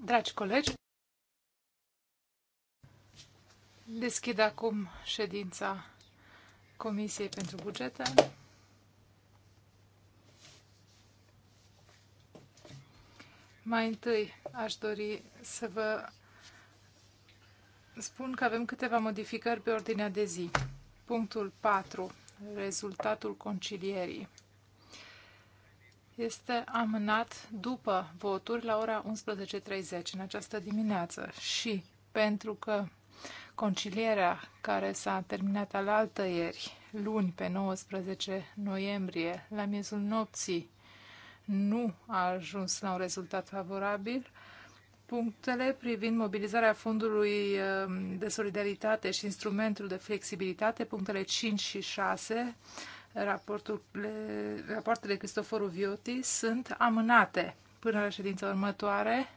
Dragi colegi, deschid acum ședința Comisiei pentru Bugete. Mai întâi aș dori să vă spun că avem câteva modificări pe ordinea de zi. Punctul 4. Rezultatul concilierii este amânat după voturi la ora 11.30 în această dimineață și pentru că concilierea care s-a terminat alaltă ieri, luni pe 19 noiembrie, la miezul nopții, nu a ajuns la un rezultat favorabil, punctele privind mobilizarea Fondului ehm, de Solidaritate și instrumentul de flexibilitate, punctele 5 și 6, raportul, rapoartele Cristoforu Vioti sunt amânate până la ședința următoare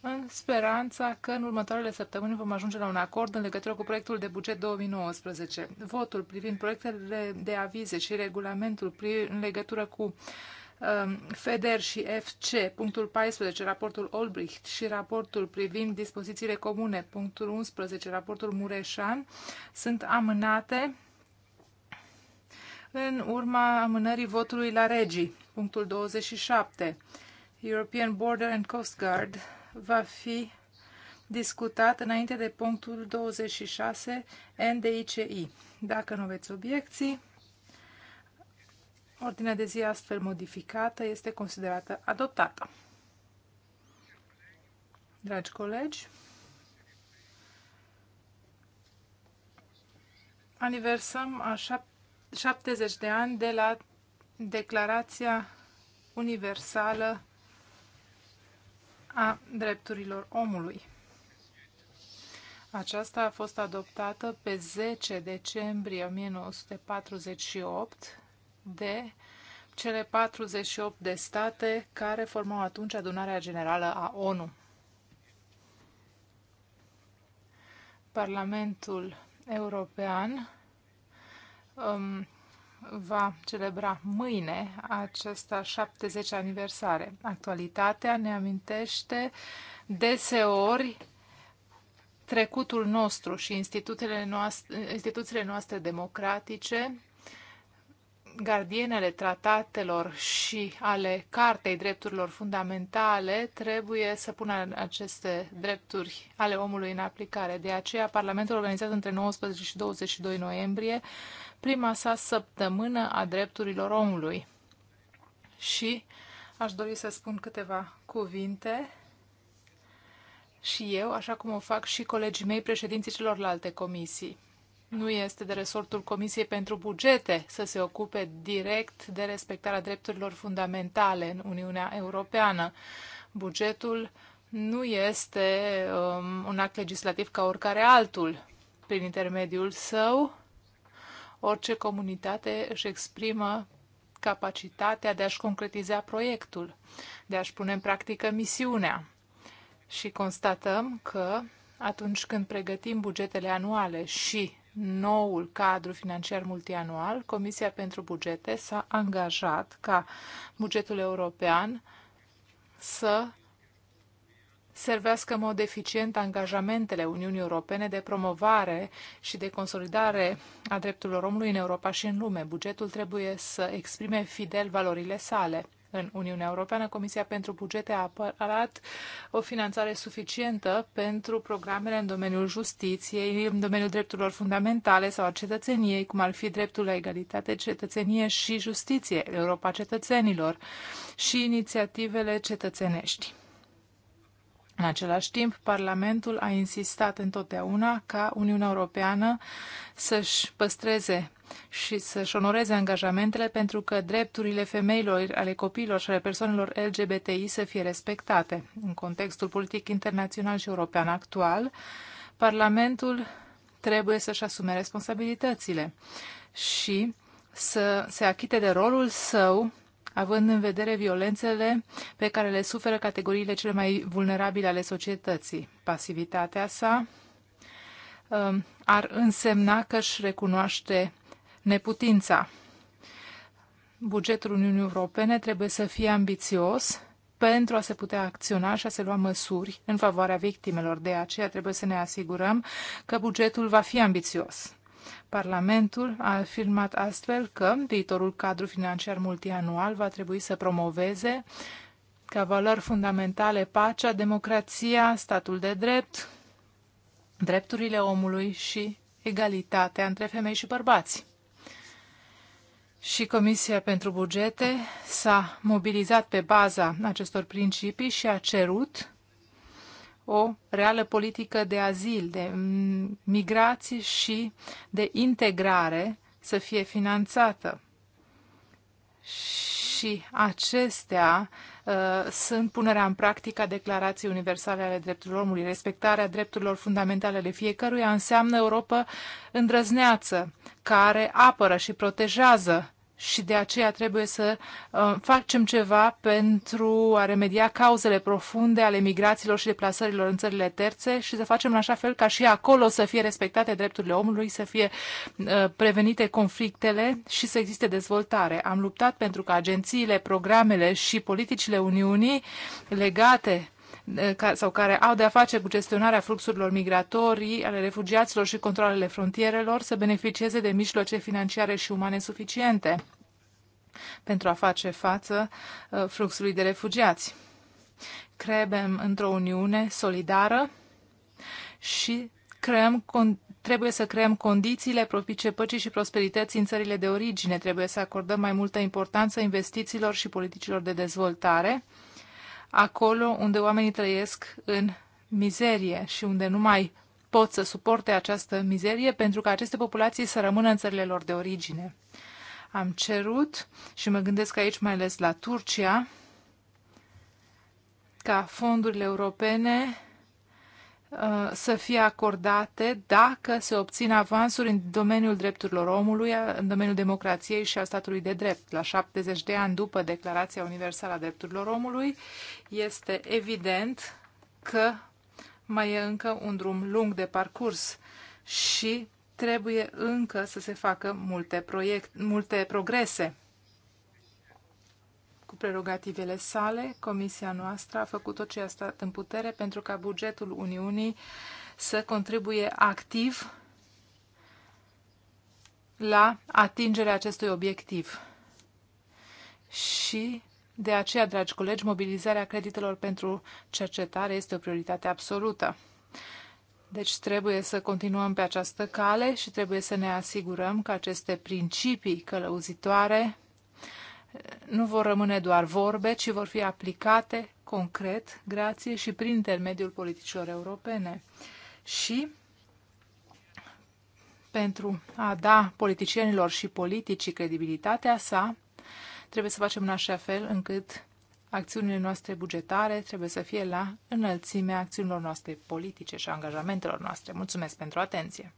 în speranța că în următoarele săptămâni vom ajunge la un acord în legătură cu proiectul de buget 2019. Votul privind proiectele de avize și regulamentul în legătură cu um, FEDER și FC, punctul 14, raportul Olbricht și raportul privind dispozițiile comune, punctul 11, raportul Mureșan, sunt amânate în urma amânării votului la regii. Punctul 27. European Border and Coast Guard va fi discutat înainte de punctul 26 NDICI. Dacă nu veți obiecții, ordinea de zi astfel modificată este considerată adoptată. Dragi colegi, aniversăm a șapte 70 de ani de la Declarația Universală a Drepturilor Omului. Aceasta a fost adoptată pe 10 decembrie 1948 de cele 48 de state care formau atunci adunarea generală a ONU. Parlamentul European um, va celebra mâine acesta 70 aniversare. Actualitatea ne amintește deseori trecutul nostru și instituțiile noastre, instituțiile noastre democratice, gardienele tratatelor și ale Cartei Drepturilor Fundamentale trebuie să pună aceste drepturi ale omului în aplicare. De aceea, Parlamentul organizat între 19 și 22 noiembrie prima sa săptămână a drepturilor omului. Și aș dori să spun câteva cuvinte și eu, așa cum o fac și colegii mei, președinții celorlalte comisii. Nu este de resortul Comisiei pentru Bugete să se ocupe direct de respectarea drepturilor fundamentale în Uniunea Europeană. Bugetul nu este um, un act legislativ ca oricare altul. Prin intermediul său, Orice comunitate își exprimă capacitatea de a-și concretiza proiectul, de a-și pune în practică misiunea. Și constatăm că atunci când pregătim bugetele anuale și noul cadru financiar multianual, Comisia pentru Bugete s-a angajat ca bugetul european să servească în mod eficient angajamentele Uniunii Europene de promovare și de consolidare a drepturilor omului în Europa și în lume. Bugetul trebuie să exprime fidel valorile sale. În Uniunea Europeană, Comisia pentru Bugete a apărat o finanțare suficientă pentru programele în domeniul justiției, în domeniul drepturilor fundamentale sau a cetățeniei, cum ar fi dreptul la egalitate, cetățenie și justiție, Europa cetățenilor și inițiativele cetățenești. În același timp, Parlamentul a insistat întotdeauna ca Uniunea Europeană să-și păstreze și să-și onoreze angajamentele pentru că drepturile femeilor, ale copiilor și ale persoanelor LGBTI să fie respectate. În contextul politic internațional și european actual, Parlamentul trebuie să-și asume responsabilitățile și să se achite de rolul său având în vedere violențele pe care le suferă categoriile cele mai vulnerabile ale societății. Pasivitatea sa um, ar însemna că își recunoaște neputința. Bugetul Uniunii Europene trebuie să fie ambițios pentru a se putea acționa și a se lua măsuri în favoarea victimelor. De aceea trebuie să ne asigurăm că bugetul va fi ambițios Parlamentul a afirmat astfel că viitorul cadru financiar multianual va trebui să promoveze ca valori fundamentale pacea, democrația, statul de drept, drepturile omului și egalitatea între femei și bărbați. Și Comisia pentru Bugete s-a mobilizat pe baza acestor principii și a cerut o reală politică de azil, de migrații și de integrare să fie finanțată. Și acestea uh, sunt punerea în practică a Declarației Universale ale Drepturilor Omului. Respectarea drepturilor fundamentale ale fiecăruia înseamnă Europa îndrăzneață, care apără și protejează și de aceea trebuie să uh, facem ceva pentru a remedia cauzele profunde ale migrațiilor și deplasărilor în țările terțe și să facem în așa fel ca și acolo să fie respectate drepturile omului, să fie uh, prevenite conflictele și să existe dezvoltare. Am luptat pentru că agențiile, programele și politicile Uniunii legate Eh, sau care au de-a face cu gestionarea fluxurilor migratorii, ale refugiaților și controlele frontierelor să beneficieze de mijloace financiare și umane suficiente pentru a face față eh, fluxului de refugiați. Credem într-o Uniune solidară și creăm trebuie să creăm condițiile propice păcii și prosperității în țările de origine. Trebuie să acordăm mai multă importanță investițiilor și politicilor de dezvoltare acolo unde oamenii trăiesc în mizerie și unde nu mai pot să suporte această mizerie pentru că aceste populații să rămână în țările lor de origine. Am cerut și mă gândesc aici mai ales la Turcia ca fondurile europene Uh, să fie acordate dacă se obțin avansuri în domeniul drepturilor omului, în domeniul democrației și al statului de drept. La 70 de ani după Declarația Universală a Drepturilor Omului, este evident că mai e încă un drum lung de parcurs și trebuie încă să se facă multe, proiect, multe progrese prerogativele sale, comisia noastră a făcut tot ce a stat în putere pentru ca bugetul Uniunii să contribuie activ la atingerea acestui obiectiv. Și de aceea, dragi colegi, mobilizarea creditelor pentru cercetare este o prioritate absolută. Deci trebuie să continuăm pe această cale și trebuie să ne asigurăm că aceste principii călăuzitoare nu vor rămâne doar vorbe, ci vor fi aplicate concret, grație și prin intermediul politicilor europene. Și pentru a da politicienilor și politicii credibilitatea sa, trebuie să facem în așa fel încât acțiunile noastre bugetare trebuie să fie la înălțimea acțiunilor noastre politice și a angajamentelor noastre. Mulțumesc pentru atenție!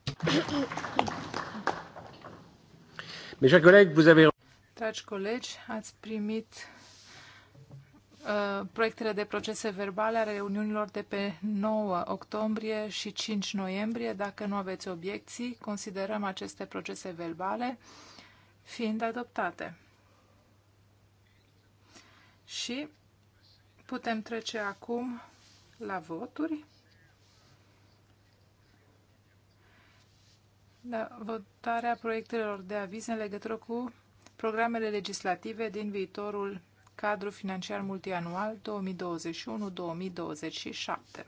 Mes chers collègues, vous avez Dragi colegi, ați primit uh, proiectele de procese verbale ale reuniunilor de pe 9 octombrie și 5 noiembrie. Dacă nu aveți obiecții, considerăm aceste procese verbale fiind adoptate. Și putem trece acum la voturi. La votarea proiectelor de aviz în legătură cu programele legislative din viitorul cadru financiar multianual 2021-2027.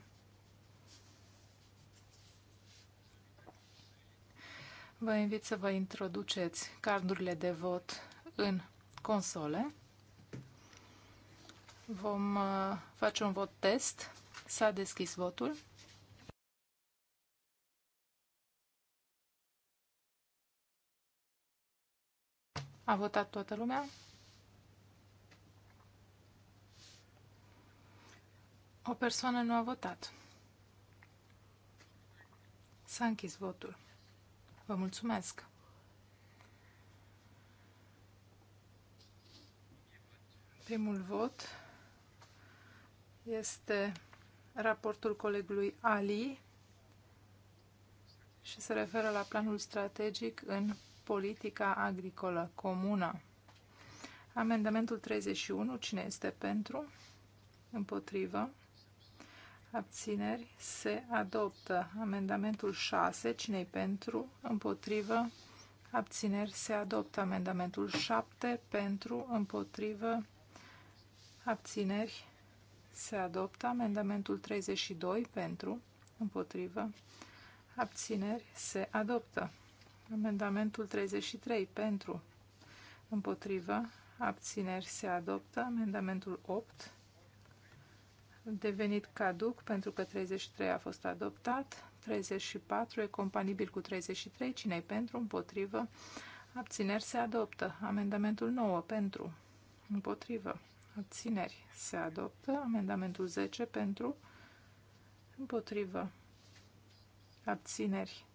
Vă invit să vă introduceți cardurile de vot în console. Vom uh, face un vot test. S-a deschis votul. A votat toată lumea? O persoană nu a votat. S-a închis votul. Vă mulțumesc! Primul vot este raportul colegului Ali și se referă la planul strategic în politica agricolă comună. Amendamentul 31, cine este pentru? Împotrivă. Abțineri. Se adoptă. Amendamentul 6, cine pentru? Împotrivă. Abțineri. Se adoptă. Amendamentul 7, pentru? Împotrivă. Abțineri. Se adoptă. Amendamentul 32, pentru? Împotrivă. Abțineri. Se adoptă. Amendamentul 33 pentru, împotrivă, abțineri se adoptă. Amendamentul 8 devenit caduc pentru că 33 a fost adoptat. 34 e compatibil cu 33. cine pentru? Împotrivă. Abțineri se adoptă. Amendamentul 9 pentru. Împotrivă. Abțineri se adoptă. Amendamentul 10 pentru. Împotrivă. Abțineri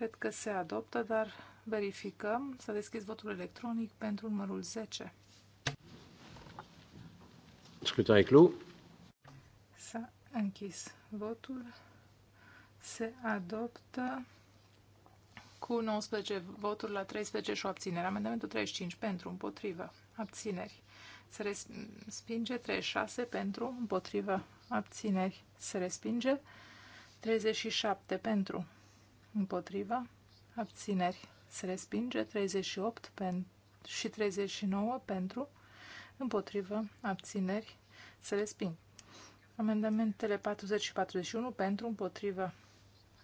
Cred că se adoptă, dar verificăm. Să deschizi votul electronic pentru numărul 10. Scrutai clu. S-a închis votul. Se adoptă cu 19 voturi la 13 și o abținere. Amendamentul 35 pentru, împotrivă, abțineri. Se respinge 36 pentru, împotrivă, abțineri. Se respinge 37 pentru, împotriva, abțineri se respinge, 38 pen și 39 pentru, împotriva, abțineri se resping. Amendamentele 40 și 41 pentru, împotriva,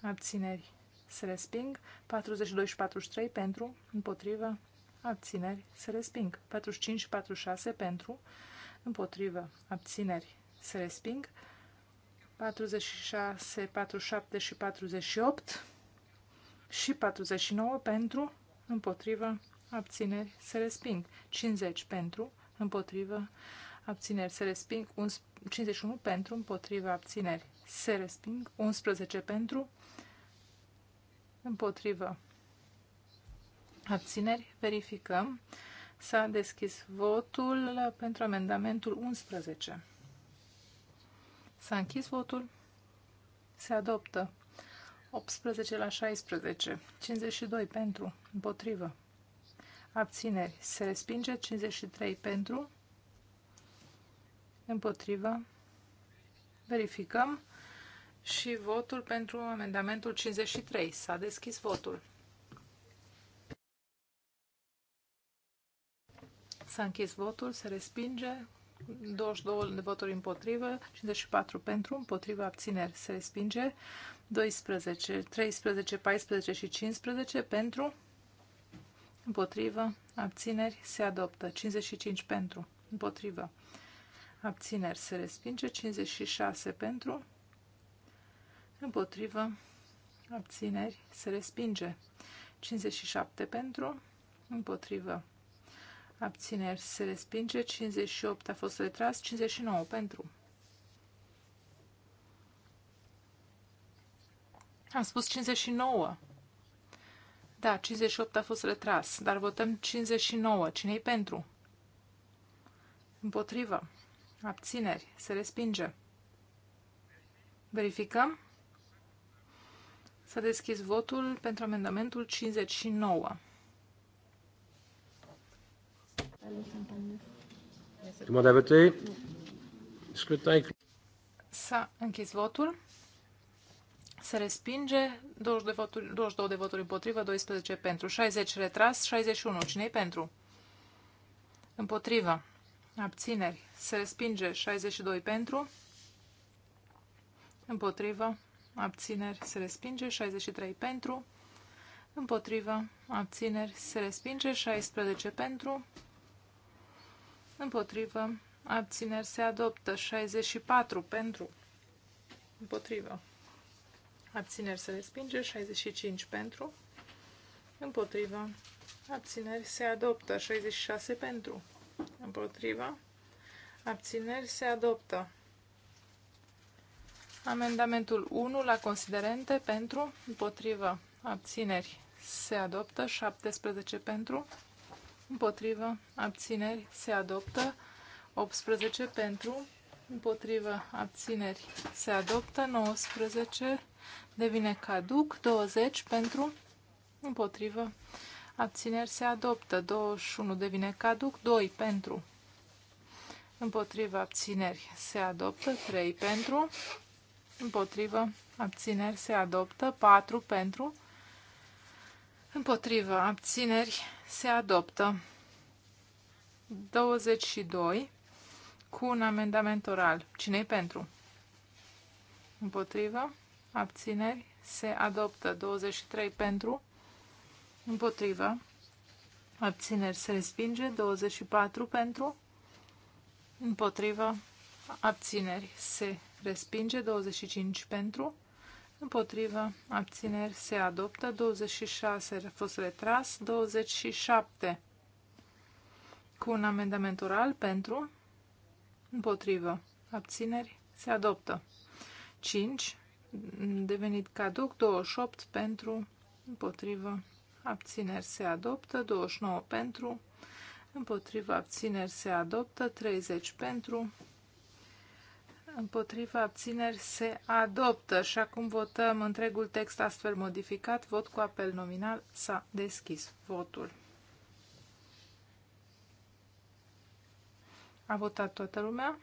abțineri se resping, 42 și 43 pentru, împotriva, abțineri se resping, 45 și 46 pentru, împotriva, abțineri se resping, 46, 47 și 48 și 49 pentru, împotrivă, abțineri, se resping. 50 pentru, împotrivă, abțineri, se resping. 51 pentru, împotrivă, abțineri, se resping. 11 pentru, împotrivă, abțineri, verificăm. S-a deschis votul pentru amendamentul 11. S-a închis votul. Se adoptă 18 la 16. 52 pentru. Împotrivă. Abțineri. Se respinge. 53 pentru. Împotrivă. Verificăm. Și votul pentru amendamentul 53. S-a deschis votul. S-a închis votul. Se respinge. 22 de voturi împotrivă, 54 pentru, împotrivă abțineri se respinge, 12, 13, 14 și 15 pentru, împotrivă, abțineri se adoptă, 55 pentru, împotrivă, abțineri se respinge, 56 pentru, împotrivă, abțineri se respinge, 57 pentru, împotrivă, Abțineri se respinge. 58 a fost retras. 59 pentru. Am spus 59. Da, 58 a fost retras, dar votăm 59. Cine-i pentru? Împotrivă. Abțineri. Se respinge. Verificăm. S-a deschis votul pentru amendamentul 59. Tout le monde a voté Scrutin est S-a închis votul. Se respinge 20 de voturi, 22 de voturi împotrivă, 12 pentru, 60 retras, 61. Cine-i pentru? Împotrivă. Abțineri. Se respinge 62 pentru. Împotrivă. Abțineri. Se respinge 63 pentru. Împotrivă. Abțineri. Se respinge 16 pentru. Împotrivă. Abțineri se adoptă. 64 pentru. Împotrivă. Abțineri se respinge. 65 pentru. Împotrivă. Abțineri se adoptă. 66 pentru. Împotrivă. Abțineri se adoptă. Amendamentul 1 la considerente pentru. Împotrivă. Abțineri se adoptă. 17 pentru împotrivă, abțineri, se adoptă. 18 pentru, împotrivă, abțineri, se adoptă. 19 devine caduc. 20 pentru, împotrivă, abțineri, se adoptă. 21 devine caduc. 2 pentru, împotrivă, abțineri, se adoptă. 3 pentru, împotrivă, abțineri, se adoptă. 4 pentru, Împotrivă. Abțineri. Se adoptă. 22. Cu un amendament oral. cine pentru? Împotrivă. Abțineri. Se adoptă. 23 pentru. Împotrivă. Abțineri se respinge. 24 pentru. Împotrivă. Abțineri se respinge. 25 pentru. Împotrivă. Abțineri se adoptă. 26 a fost retras. 27 cu un amendament oral pentru. Împotrivă. Abțineri se adoptă. 5 devenit caduc. 28 pentru. Împotrivă. Abțineri se adoptă. 29 pentru. Împotrivă. Abțineri se adoptă. 30 pentru împotriva abțineri se adoptă și acum votăm întregul text astfel modificat. Vot cu apel nominal s-a deschis votul. A votat toată lumea.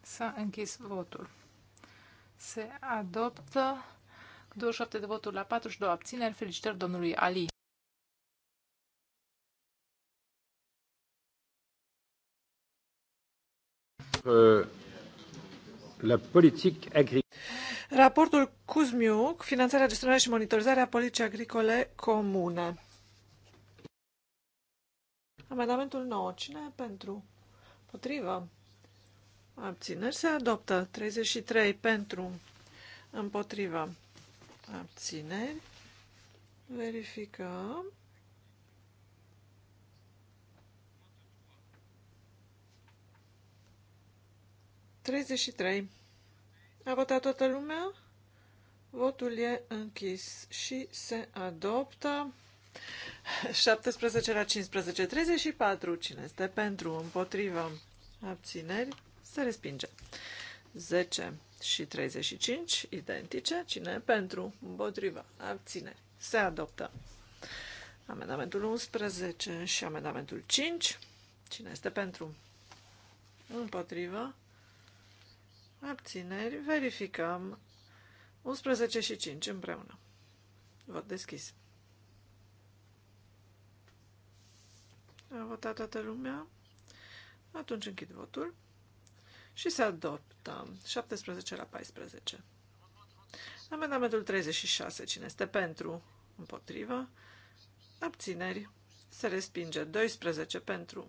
S-a închis votul. Se adoptă 27 de voturi la 42 abțineri. Felicitări domnului Ali. Euh, la politique agricole. Raportul Cuzmiuc, finanțarea, gestionarea și monitorizarea politicii agricole comune. Amendamentul 9. Cine e pentru? Potrivă. Abțineri se adoptă. 33 pentru. Împotrivă. Abțineri. Verificăm. 33. A votat toată lumea? Votul e închis și se adoptă. 17 la 15. 34. Cine este pentru? Împotrivă. Abțineri. Se respinge. 10 și 35. Identice. Cine pentru? Împotrivă. Abțineri. Se adoptă. Amendamentul 11 și amendamentul 5. Cine este pentru? Împotrivă abțineri, verificăm 11 și 5 împreună. Vot deschis. A votat toată lumea. Atunci închid votul și se adoptă 17 la 14. Amendamentul 36. Cine este pentru? Împotrivă. Abțineri. Se respinge 12 pentru.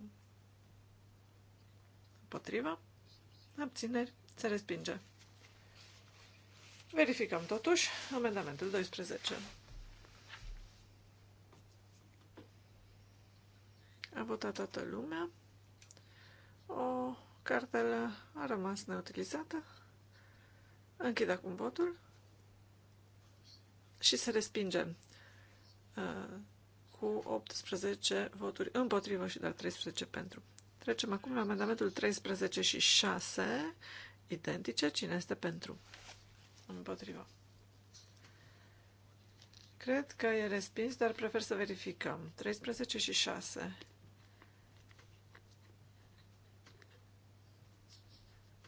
Împotrivă. Abțineri. Se respinge. Verificăm totuși amendamentul 12. A votat toată lumea. O cartelă a rămas neutilizată. Închid acum votul și se respinge uh, cu 18 voturi împotrivă și doar 13 pentru. Trecem acum la amendamentul 13 și 6 identice. Cine este pentru? Împotriva. Cred că e respins, dar prefer să verificăm. 13 și 6.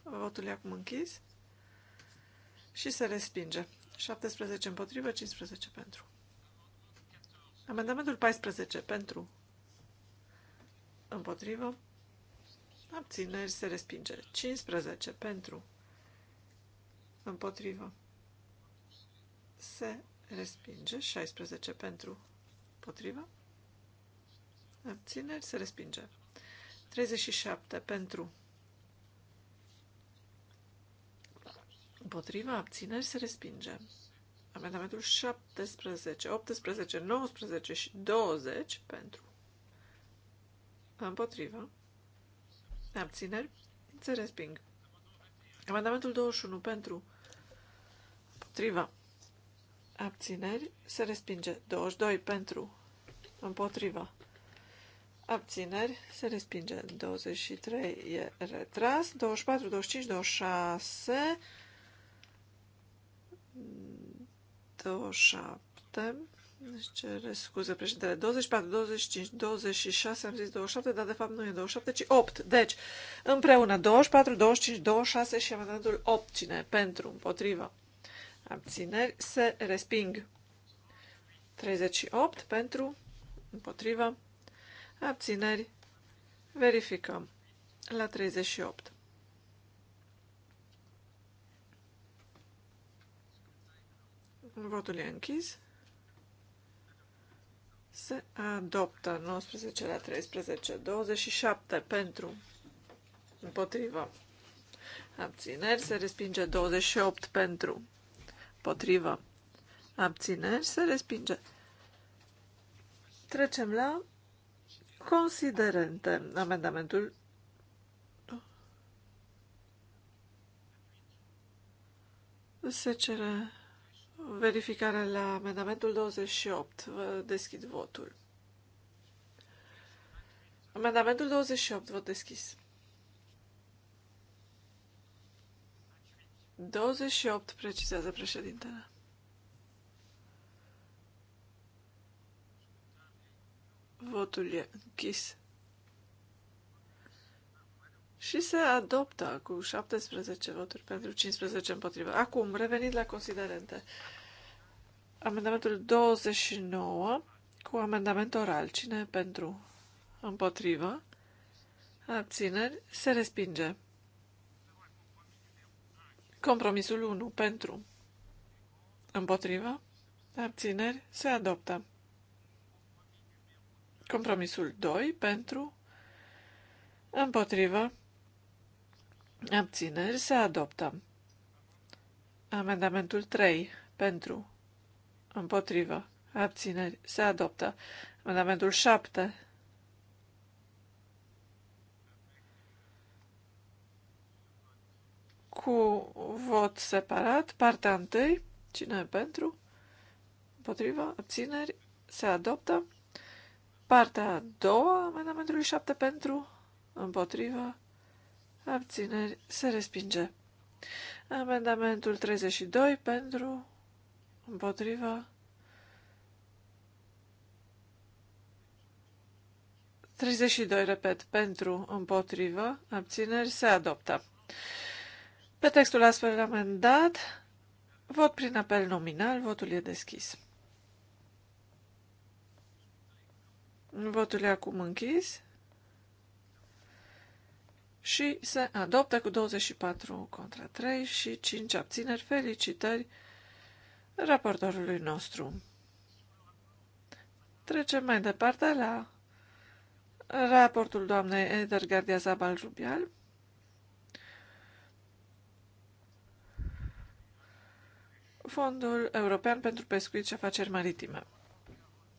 Votul e acum închis și se respinge. 17 împotrivă, 15 pentru. Amendamentul 14 pentru. Împotrivă. Abțineri se respinge. 15 pentru. Împotrivă. Se respinge. 16 pentru. Împotrivă. Abțineri se respinge. 37 pentru. Împotriva abțineri se respinge. Amendamentul 17, 18, 19 și 20 pentru. Împotriva. Abțineri? Se resping. Amendamentul 21 pentru. Împotriva. Abțineri? Se respinge. 22 pentru. Împotriva. Abțineri? Se respinge. 23 e retras. 24, 25, 26. 27. Deci cere scuze, președintele. 24, 25, 26, am zis 27, dar de fapt nu e 27, ci 8. Deci, împreună 24, 25, 26 și amendamentul 8. Cine? Pentru, împotrivă. Abțineri se resping. 38 pentru, împotrivă. Abțineri. Verificăm. La 38. Votul e închis. Se adoptă 19 la 13, 27 pentru, împotrivă, abțineri. Se respinge 28 pentru, împotrivă, abțineri. Se respinge. Trecem la considerente. Amendamentul se cere Verificare la amendamentul 28. Vă deschid votul. Amendamentul 28. Vot deschis. 28, precizează președintele. Votul e închis și se adoptă cu 17 voturi pentru 15 împotrivă. Acum, revenind la considerente. Amendamentul 29 cu amendament oral. Cine pentru? Împotrivă? Abțineri? Se respinge. Compromisul 1 pentru. Împotrivă? Abțineri? Se adoptă. Compromisul 2 pentru. Împotrivă? Abțineri se adoptă. Amendamentul 3. Pentru. Împotrivă. Abțineri se adoptă. Amendamentul 7. Cu vot separat, partea 1. Cine e pentru? Împotrivă. Abțineri se adoptă. Partea a doua amendamentului 7 pentru, împotriva, abțineri, se respinge. Amendamentul 32 pentru, împotriva, Treizeci și doi, repet, pentru, împotrivă, abțineri, se adoptă. Pe textul astfel amendat, vot prin apel nominal, votul e deschis. Votul e acum închis și se adoptă cu 24 contra 3 și 5 abțineri. Felicitări raportorului nostru. Trecem mai departe la raportul doamnei Eder Gardia Zabal Rubial. Fondul European pentru Pescuit și Afaceri Maritime.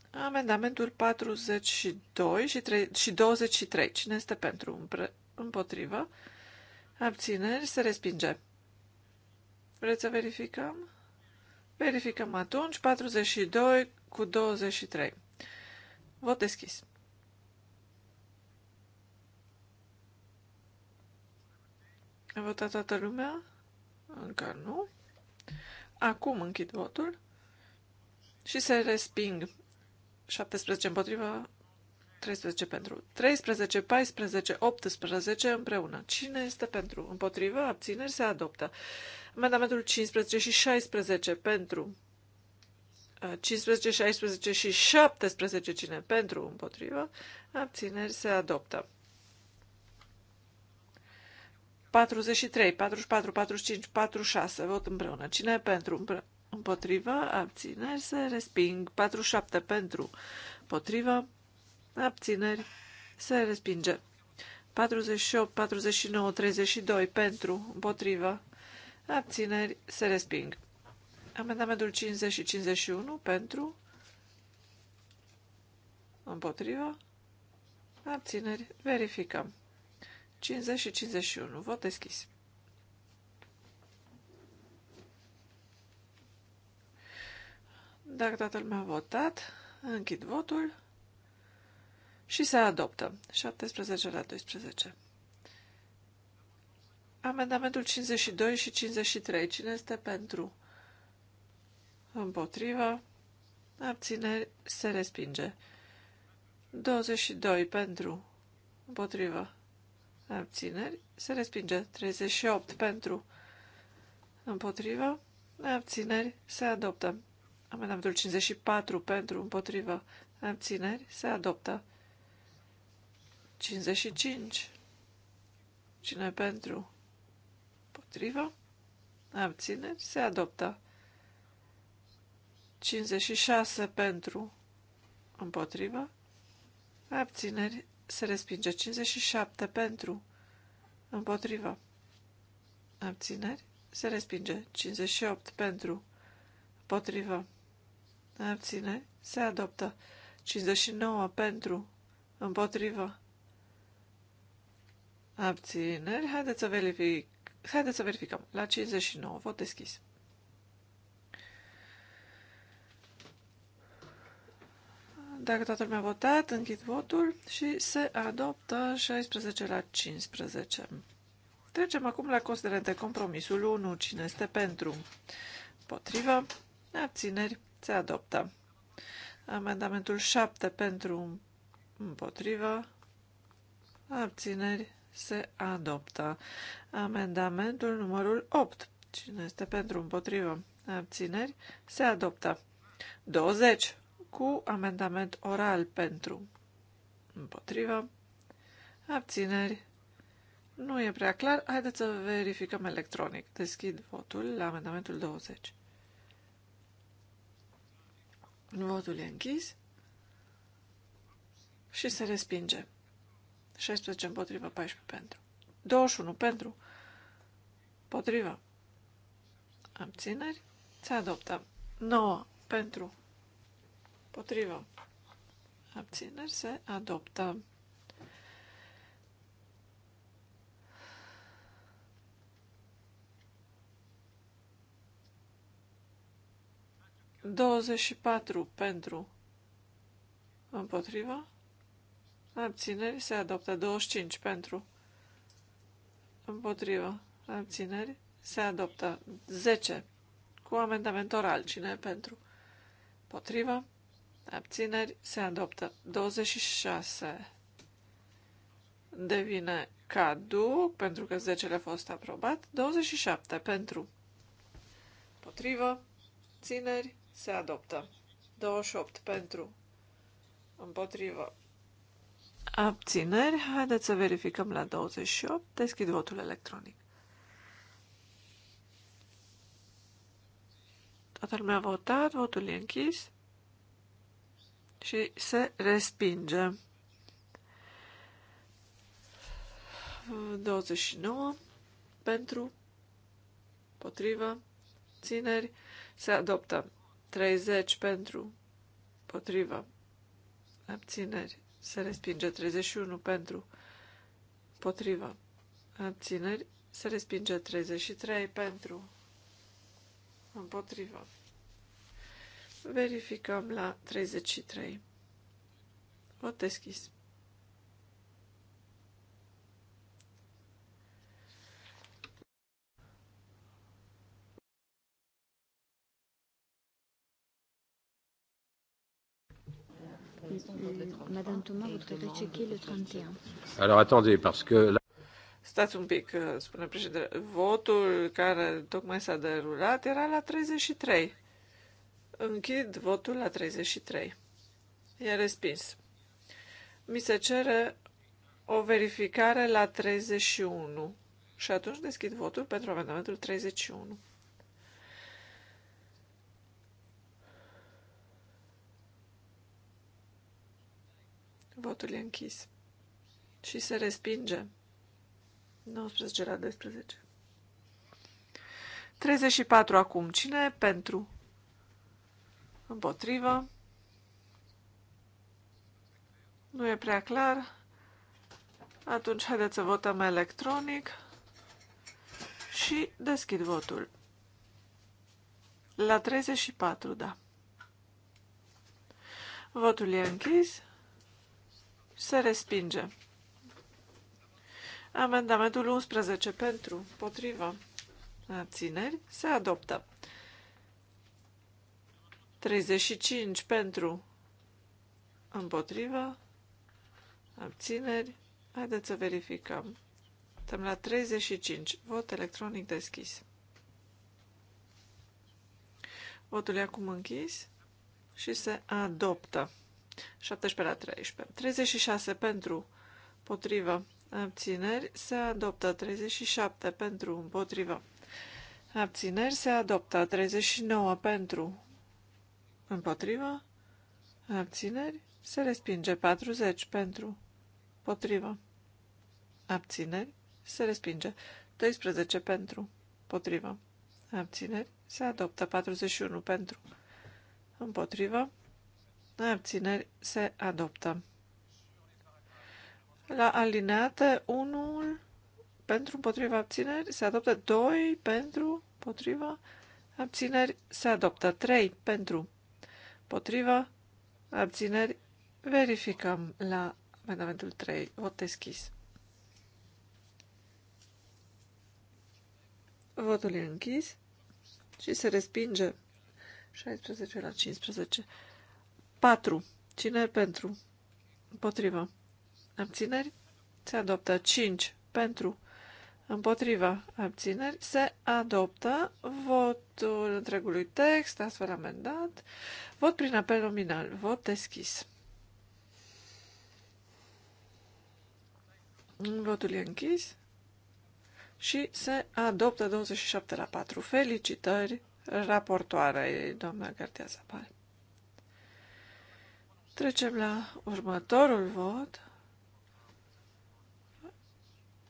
Amendamentul 42 și, 3, și 23. Cine este pentru? Împotrivă. Abțineri. Se respinge. Vreți să verificăm? Verificăm atunci. 42 cu 23. Vot deschis. A votat toată lumea? Încă nu. Acum închid votul și se resping 17 împotriva 13 pentru 13, 14, 18 împreună. Cine este pentru? Împotrivă? Abțineri? Se adoptă. Amendamentul 15 și 16 pentru 15, uh, 16 și 17 cine pentru? Împotrivă? Abțineri? Se adoptă. 43, 44, 45, 46. Vot împreună. Cine pentru? împotrivă? Abțineri? Se resping. 47 pentru. Împotrivă? abțineri, se respinge. 48, 49, 32 pentru, împotrivă, abțineri, se resping. Amendamentul 50 și 51 pentru, împotrivă, abțineri, verificăm. 50 și 51, vot deschis. Dacă toată lumea a votat, închid votul și se adoptă. 17 la 12. Amendamentul 52 și 53. Cine este pentru? Împotriva. Abțineri. Se respinge. 22 pentru. Împotriva. Abțineri. Se respinge. 38 pentru. Împotriva. Abțineri. Se adoptă. Amendamentul 54 pentru. Împotriva. Abțineri. Se adoptă. 55. Cine pentru? Potrivă? Abțineri? Se adoptă. 56 pentru. Împotrivă? Abțineri? Se respinge. 57 pentru. Împotrivă. Abțineri? Se respinge. 58 pentru. Împotrivă. Abțineri? Se adoptă. 59 pentru. Împotrivă. Abțineri. Haideți să, verific... Haideți să verificăm. La 59, vot deschis. Dacă toată lumea a votat, închid votul și se adoptă 16 la 15. Trecem acum la considerente. Compromisul 1. Cine este pentru? Potrivă. Abțineri. Se adoptă. Amendamentul 7 pentru împotrivă. Abțineri se adoptă. Amendamentul numărul 8. Cine este pentru împotrivă? Abțineri se adoptă. 20. Cu amendament oral pentru împotrivă. Abțineri. Nu e prea clar. Haideți să verificăm electronic. Deschid votul la amendamentul 20. Votul e închis și se respinge. 16 împotrivă, 14 pentru. 21 pentru. Potrivă. Abțineri. Se adoptă. 9 pentru. Potrivă. Abțineri. Se adoptă. Douăzeci și patru pentru împotriva abțineri se adoptă. 25 pentru, împotrivă, abțineri se adoptă. 10 cu amendament oral. Cine pentru? Potrivă. Abțineri se adoptă. 26 devine caduc pentru că 10 le a fost aprobat. 27 pentru. Potrivă. Țineri se adoptă. 28 pentru. Împotrivă. Abțineri. Haideți să verificăm la 28. Deschid votul electronic. Toată lumea a votat, votul e închis și se respinge. 29 pentru, potrivă, țineri, se adoptă. 30 pentru, potrivă, abțineri, se respinge. 31 pentru, potriva, abțineri, se respinge. 33 pentru, împotriva. Verificăm la 33. Vot deschis. Madame Thomas vous voudrait checker le 31. Alors attendez, parce que... là... Stați un pic, uh, spune președinte. Votul care tocmai s-a derulat era la 33. Închid votul la 33. E respins. Mi se cere o verificare la 31. Și atunci deschid votul pentru amendamentul 31. Votul e închis. Și se respinge. 19 la 12. 34 acum. Cine e pentru? Împotrivă. Nu e prea clar. Atunci haideți să votăm electronic și deschid votul. La 34, da. Votul e închis se respinge. Amendamentul 11 pentru, potrivă, abțineri, se adoptă. 35 pentru, împotrivă, abțineri. Haideți să verificăm. Suntem la 35. Vot electronic deschis. Votul e acum închis și se adoptă. 17 la 13. 36 pentru, potrivă, abțineri, se adoptă. 37 pentru, împotrivă, abțineri, se adoptă. 39 pentru, împotrivă, abțineri, se respinge. 40 pentru, potrivă, abțineri, se respinge. 12 pentru, potrivă, abțineri, se adoptă. 41 pentru, împotrivă, abțineri se adoptă. La alineate 1 pentru împotriva abțineri se adoptă 2 pentru împotriva abțineri se adoptă 3 pentru împotriva abțineri verificăm la amendamentul 3 vot deschis. Votul e închis și se respinge 16 la 15. 4. Cine pentru? Împotrivă. Abțineri? Se adoptă. 5. Pentru. Împotriva abțineri se adoptă votul întregului text, astfel amendat, vot prin apel nominal, vot deschis. Votul e închis și se adoptă 27 la 4. Felicitări raportoarei, doamna Gartia Zapal. Trecem la următorul vot.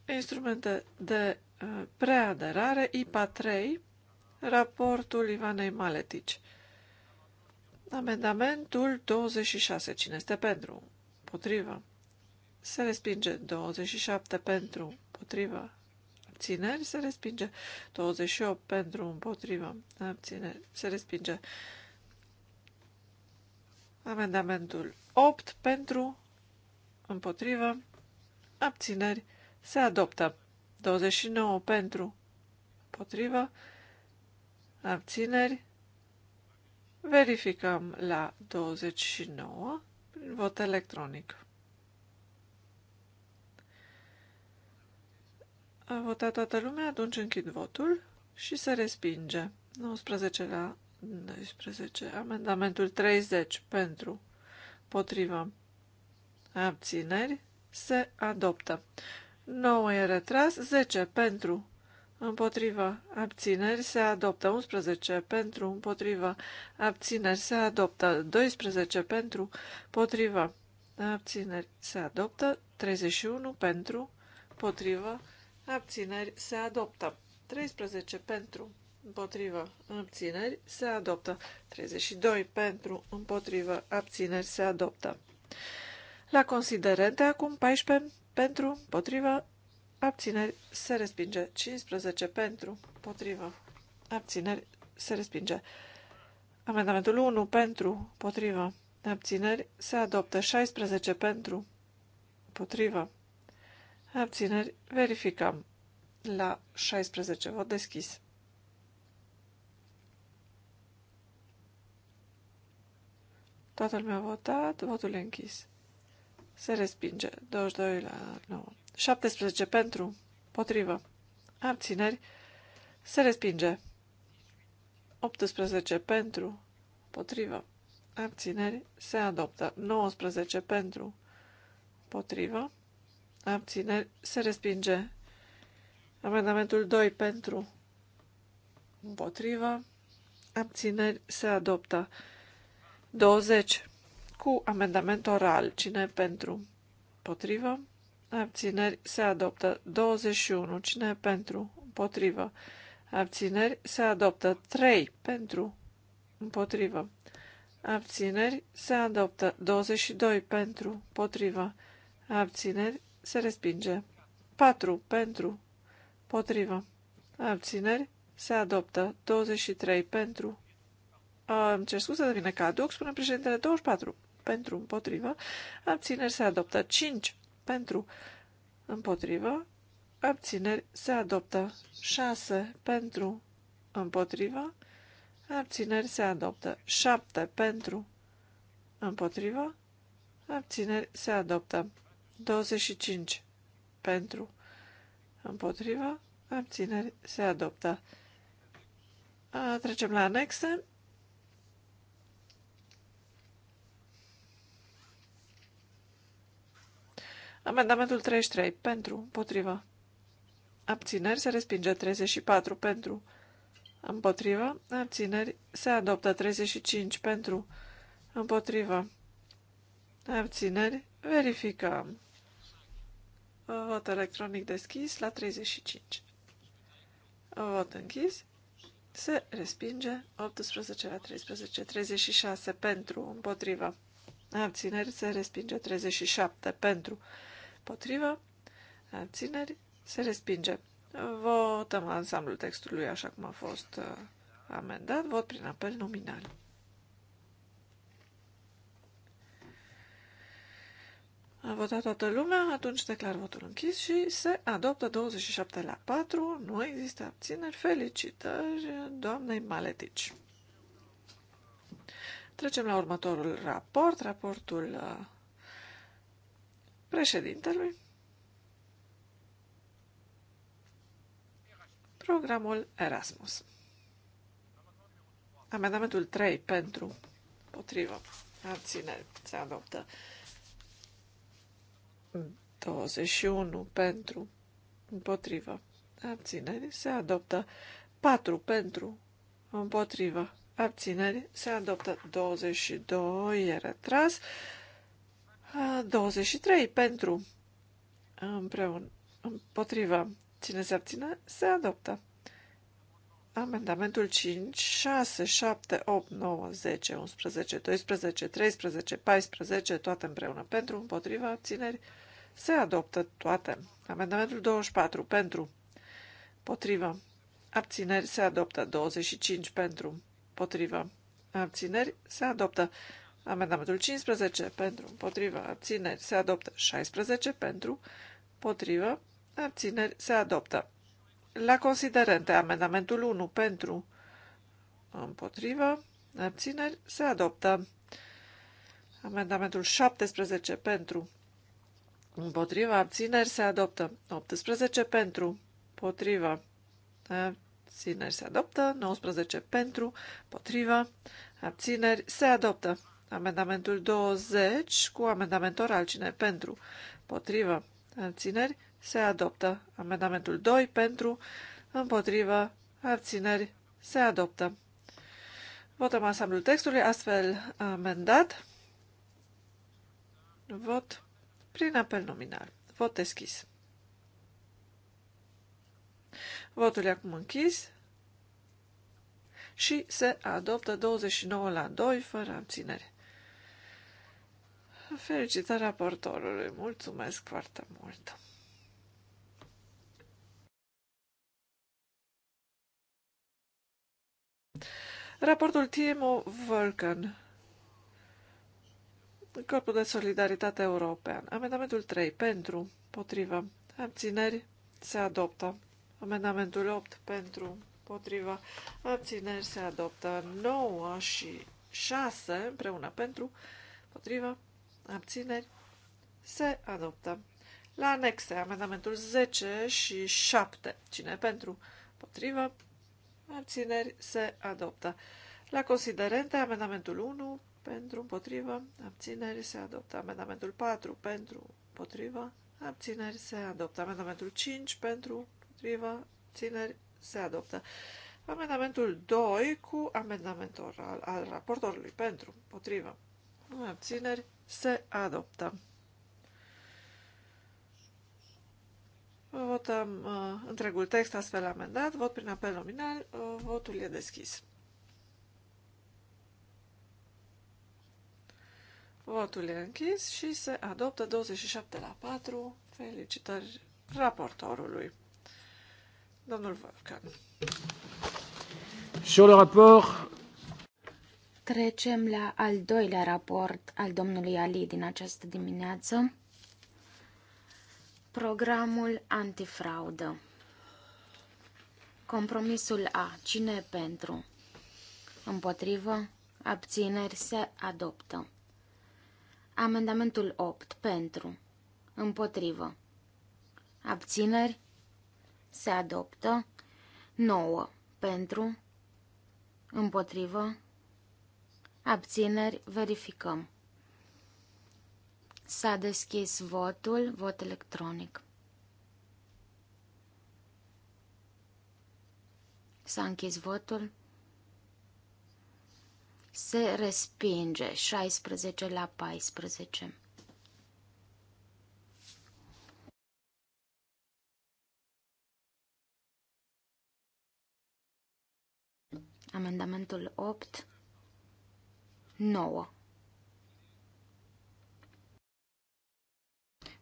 Instrumente de uh, preaderare, IPA 3, raportul Ivanei Maletici. Amendamentul 26. Cine este pentru? Potrivă. Se respinge 27 pentru, potrivă, abțineri, se respinge 28 pentru, împotrivă, abțineri, se respinge Amendamentul 8 pentru, împotrivă, abțineri, se adoptă. 29 pentru, împotrivă, abțineri, verificăm la 29 prin vot electronic. A votat toată lumea, atunci închid votul și se respinge. 19 la 12. Amendamentul 30 pentru potrivă abțineri se adoptă. 9 e retras, 10 pentru împotriva abțineri se adoptă, 11 pentru împotriva abțineri se adoptă, 12 pentru potriva abțineri se adoptă, 31 pentru potriva abțineri se adoptă, 13 pentru împotrivă, abțineri, se adoptă. 32 pentru, împotrivă, abțineri, se adoptă. La considerente, acum 14 pentru, împotrivă, abțineri, se respinge. 15 pentru, împotrivă, abțineri, se respinge. Amendamentul 1 pentru, împotrivă, abțineri, se adoptă. 16 pentru, împotrivă, abțineri, verificăm. La 16 vot deschis. Toată lumea a votat, votul e închis. Se respinge. 22 la 9. 17 pentru, potrivă, abțineri, se respinge. 18 pentru, potrivă, abțineri, se adoptă. 19 pentru, potrivă, abțineri, se respinge. Amendamentul 2 pentru, împotrivă, abțineri, se adoptă. 20 cu amendament oral. Cine pentru? Potrivă. Abțineri se adoptă 21. Cine pentru? Împotrivă. Abțineri se adoptă 3 pentru. Împotrivă. Abțineri se adoptă 22 pentru. Potrivă. Abțineri se respinge 4 pentru. Potrivă. Abțineri se adoptă 23 pentru. Îmi cer scuze, devine caduc, spune președintele 24 pentru împotrivă, abțineri se adoptă 5 pentru împotrivă, abțineri se adoptă 6 pentru împotrivă, abțineri se adoptă 7 pentru împotrivă, abțineri se adoptă 25 pentru împotrivă, abțineri se adoptă. trecem la anexe. Amendamentul 33. Pentru. Împotrivă. Abțineri se respinge 34. Pentru. Împotrivă. Abțineri se adoptă 35. Pentru. Împotrivă. Abțineri. Verificăm. Vot electronic deschis la 35. Vot închis. Se respinge 18 la 13. 36 pentru. Împotrivă. Abțineri se respinge 37 pentru împotrivă, abțineri, se respinge. Votăm ansamblul textului așa cum a fost uh, amendat, vot prin apel nominal. A votat toată lumea, atunci declar votul închis și se adoptă 27 la 4. Nu există abțineri. Felicitări doamnei Maletici. Trecem la următorul raport, raportul uh, președintelui. Programul Erasmus. Amendamentul 3 pentru potrivă Abține, se adoptă. 21 pentru împotrivă abțineri se adoptă. 4 pentru împotrivă abțineri se adoptă. 22 e retras. 23 pentru împreună, împotrivă, cine se abține, se adoptă. Amendamentul 5, 6, 7, 8, 9, 10, 11, 12, 13, 14, toate împreună. Pentru, împotriva, abțineri, se adoptă toate. Amendamentul 24, pentru, potriva, abțineri, se adoptă. 25, pentru, potriva, abțineri, se adoptă. Amendamentul 15 pentru împotriva abțineri se adoptă. 16 pentru împotriva abțineri se adoptă. La considerente, amendamentul 1 pentru împotriva abțineri se adoptă. Amendamentul 17 pentru împotriva abțineri se adoptă. 18 pentru împotriva abțineri se adoptă. 19 pentru împotriva abțineri se adoptă. Amendamentul 20 cu amendamentor al cine pentru, împotrivă, abțineri, se adoptă. Amendamentul 2 pentru, împotrivă, abțineri, se adoptă. Votăm ansamblul textului astfel amendat. Vot prin apel nominal. Vot deschis. Votul e acum închis și se adoptă 29 la 2 fără abțineri. Felicitări raportorului. Mulțumesc foarte mult. Raportul Timo Vulcan. Corpul de Solidaritate European. Amendamentul 3. Pentru. Potrivă. Abțineri. Se adoptă. Amendamentul 8. Pentru. Potriva. Abțineri. Se adoptă. 9 și 6. Împreună. Pentru. Potriva abțineri, se adoptă. La anexe, amendamentul 10 și 7. Cine pentru? Potrivă. Abțineri se adoptă. La considerente, amendamentul 1 pentru, împotrivă, abțineri se adoptă. Amendamentul 4 pentru, împotrivă, abțineri se adoptă. Amendamentul 5 pentru, împotrivă, abțineri se adoptă. Amendamentul 2 cu amendament oral al raportorului pentru, împotrivă, abțineri, se adoptă. Votăm uh, întregul text astfel amendat, vot prin apel nominal, uh, votul e deschis. Votul e închis și se adoptă 27 la 4. Felicitări raportorului. Domnul Wolfgang. Sur le rapport Trecem la al doilea raport al domnului Ali din această dimineață, programul antifraudă. Compromisul A. Cine e pentru? Împotrivă? Abțineri se adoptă. Amendamentul 8. Pentru. Împotrivă. Abțineri se adoptă. 9. Pentru. Împotrivă abțineri, verificăm. S-a deschis votul, vot electronic. S-a închis votul. Se respinge 16 la 14. Amendamentul 8 9.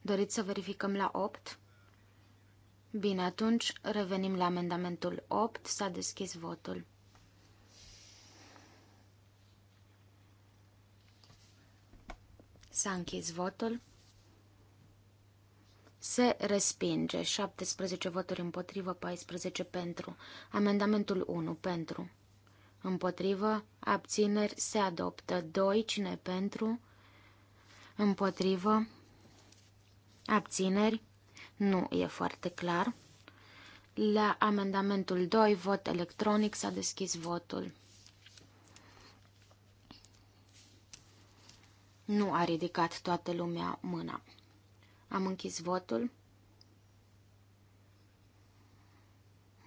Doriți să verificăm la 8? Bine, atunci revenim la amendamentul 8. S-a deschis votul. S-a închis votul. Se respinge. 17 voturi împotrivă, 14 pentru. Amendamentul 1 pentru. Împotrivă. Abțineri se adoptă. 2. Cine pentru? Împotrivă. Abțineri. Nu e foarte clar. La amendamentul 2, vot electronic, s-a deschis votul. Nu a ridicat toată lumea mâna. Am închis votul.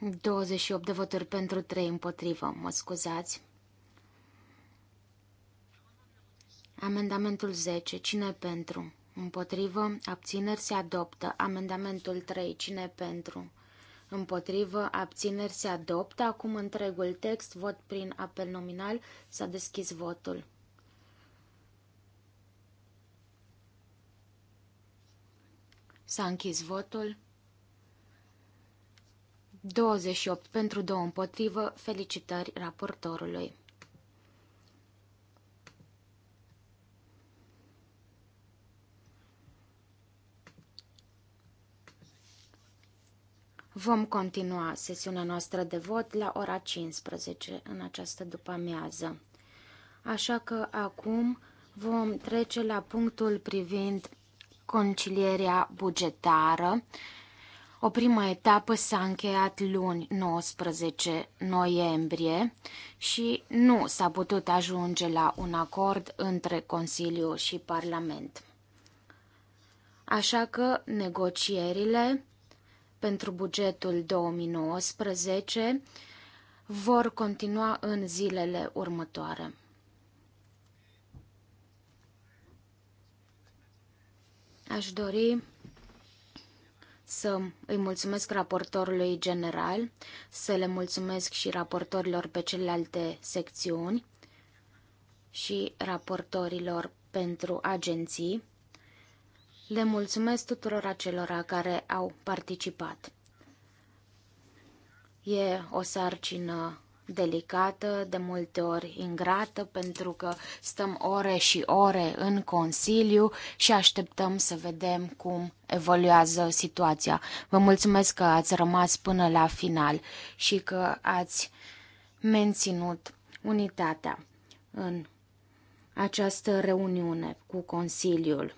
28 de voturi pentru 3 împotrivă, mă scuzați. Amendamentul 10. Cine pentru? Împotrivă. Abțineri se adoptă. Amendamentul 3. Cine pentru? Împotrivă. Abțineri se adoptă. Acum întregul text. Vot prin apel nominal. S-a deschis votul. S-a închis votul. 28 pentru 2 împotrivă. Felicitări raportorului. Vom continua sesiunea noastră de vot la ora 15 în această după-amiază. Așa că acum vom trece la punctul privind concilierea bugetară. O primă etapă s-a încheiat luni 19 noiembrie și nu s-a putut ajunge la un acord între Consiliu și Parlament. Așa că negocierile pentru bugetul 2019 vor continua în zilele următoare. Aș dori să îi mulțumesc raportorului general, să le mulțumesc și raportorilor pe celelalte secțiuni și raportorilor pentru agenții. Le mulțumesc tuturor acelora care au participat. E o sarcină delicată, de multe ori ingrată, pentru că stăm ore și ore în Consiliu și așteptăm să vedem cum evoluează situația. Vă mulțumesc că ați rămas până la final și că ați menținut unitatea în această reuniune cu Consiliul.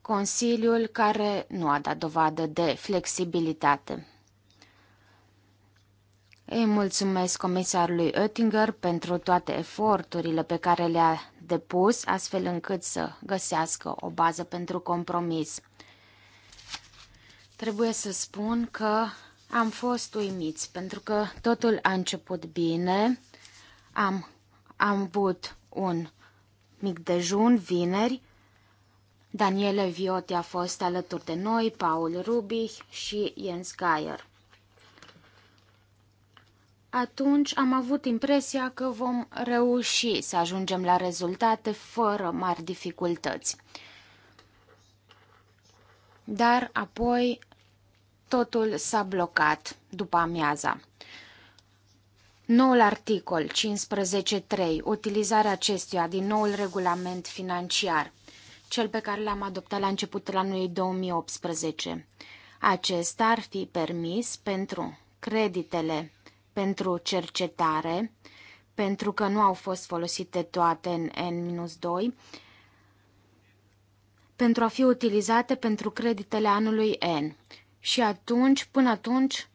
Consiliul care nu a dat dovadă de flexibilitate. Îi mulțumesc comisarului Oettinger pentru toate eforturile pe care le-a depus, astfel încât să găsească o bază pentru compromis. Trebuie să spun că am fost uimiți, pentru că totul a început bine. Am, am avut un mic dejun vineri. Daniele Vioti a fost alături de noi, Paul Rubich și Jens Geier atunci am avut impresia că vom reuși să ajungem la rezultate fără mari dificultăți. Dar apoi totul s-a blocat după amiaza. Noul articol 15.3, utilizarea acestuia din noul regulament financiar, cel pe care l-am adoptat la începutul anului 2018. Acesta ar fi permis pentru creditele pentru cercetare, pentru că nu au fost folosite toate în N-2, pentru a fi utilizate pentru creditele anului N. Și atunci, până atunci,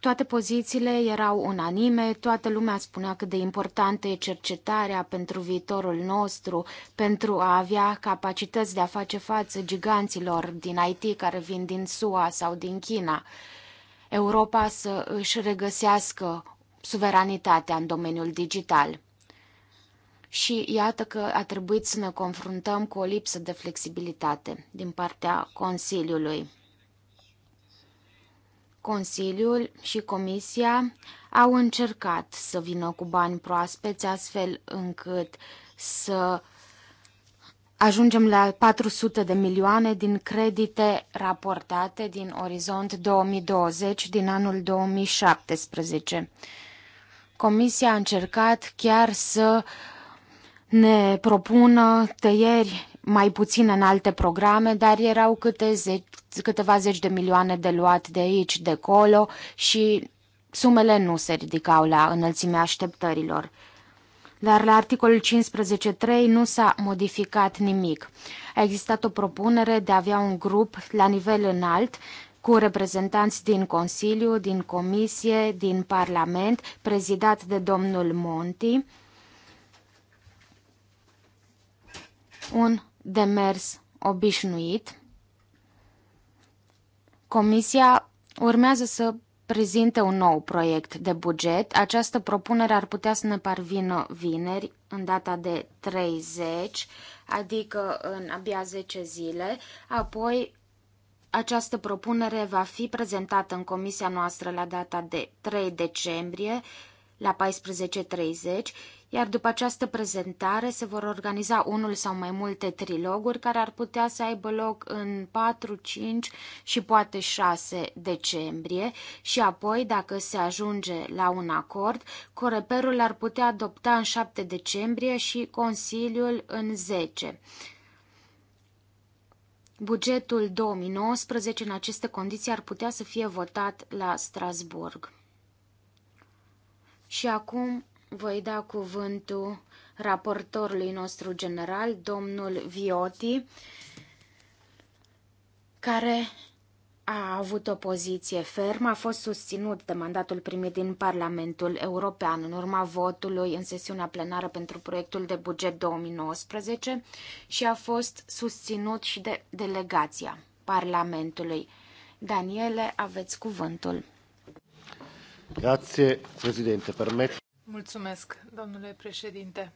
toate pozițiile erau unanime, toată lumea spunea cât de importantă e cercetarea pentru viitorul nostru, pentru a avea capacități de a face față giganților din IT care vin din SUA sau din China. Europa să își regăsească suveranitatea în domeniul digital. Și iată că a trebuit să ne confruntăm cu o lipsă de flexibilitate din partea Consiliului. Consiliul și Comisia au încercat să vină cu bani proaspeți astfel încât să uh, ajungem la 400 de milioane din credite raportate din Orizont 2020 din anul 2017. Comisia a încercat chiar să ne propună tăieri mai puțin în alte programe, dar erau câte zeci, câteva zeci de milioane de luat de aici, de acolo și sumele nu se ridicau la înălțimea așteptărilor dar la articolul 15.3 nu s-a modificat nimic. A existat o propunere de a avea un grup la nivel înalt cu reprezentanți din Consiliu, din Comisie, din Parlament, prezidat de domnul Monti. Un demers obișnuit. Comisia urmează să prezinte un nou proiect de buget. Această propunere ar putea să ne parvină vineri, în data de 30, adică în abia 10 zile, apoi această propunere va fi prezentată în comisia noastră la data de 3 decembrie la 14.30 iar după această prezentare se vor organiza unul sau mai multe triloguri care ar putea să aibă loc în 4, 5 și poate 6 decembrie și apoi, dacă se ajunge la un acord, Coreperul ar putea adopta în 7 decembrie și Consiliul în 10. Bugetul 2019 în aceste condiții ar putea să fie votat la Strasburg. Și acum voi da cuvântul raportorului nostru general, domnul Vioti, care a avut o poziție fermă, a fost susținut de mandatul primit din Parlamentul European în urma votului în sesiunea plenară pentru proiectul de buget 2019 și a fost susținut și de delegația Parlamentului. Daniele, aveți cuvântul. Grazie, Presidente. Permette... Mulțumesc, domnule președinte.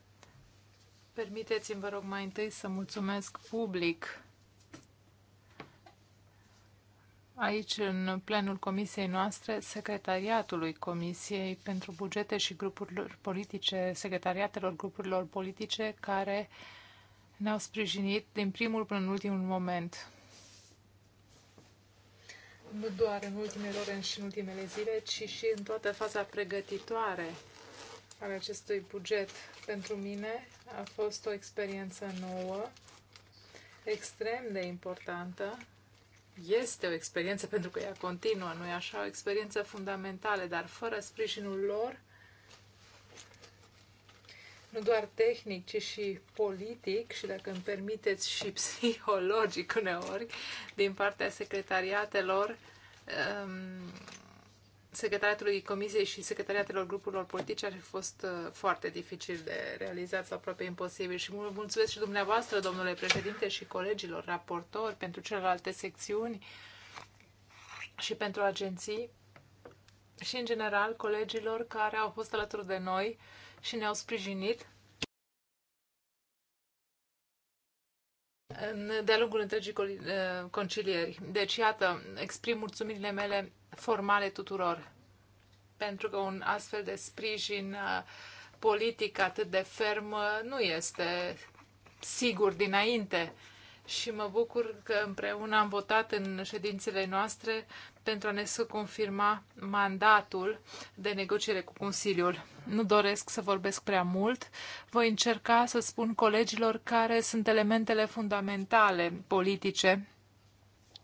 Permiteți-mi, vă rog, mai întâi să mulțumesc public aici, în plenul comisiei noastre, secretariatului Comisiei pentru Bugete și grupurilor politice, secretariatelor grupurilor politice care ne-au sprijinit din primul până în ultimul moment. Nu doar în ultimele ore și în ultimele zile, ci și în toată faza pregătitoare al acestui buget pentru mine a fost o experiență nouă, extrem de importantă. Este o experiență pentru că ea continuă, nu e așa? O experiență fundamentală, dar fără sprijinul lor, nu doar tehnic, ci și politic și, dacă îmi permiteți, și psihologic uneori, din partea secretariatelor, um, secretariatului Comisiei și secretariatelor grupurilor politice ar fi fost uh, foarte dificil de realizat sau aproape imposibil. Și mulțumesc și dumneavoastră, domnule președinte, și colegilor raportori pentru celelalte secțiuni și pentru agenții și, în general, colegilor care au fost alături de noi și ne-au sprijinit de-a lungul întregii uh, concilieri. Deci, iată, exprim mulțumirile mele formale tuturor. Pentru că un astfel de sprijin uh, politic atât de ferm uh, nu este sigur dinainte. Și mă bucur că împreună am votat în ședințele noastre pentru a ne să confirma mandatul de negociere cu Consiliul. Nu doresc să vorbesc prea mult. Voi încerca să spun colegilor care sunt elementele fundamentale politice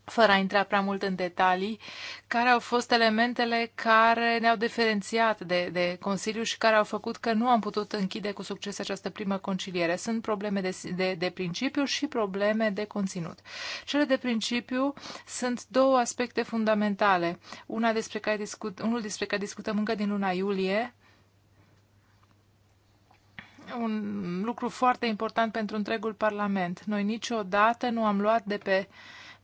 fără a intra prea mult în detalii, care au fost elementele care ne-au diferențiat de, de Consiliu și care au făcut că nu am putut închide cu succes această primă conciliere. Sunt probleme de, de, de principiu și probleme de conținut. Cele de principiu sunt două aspecte fundamentale. Una despre care discut, unul despre care discutăm încă din luna iulie, un lucru foarte important pentru întregul Parlament. Noi niciodată nu am luat de pe uh,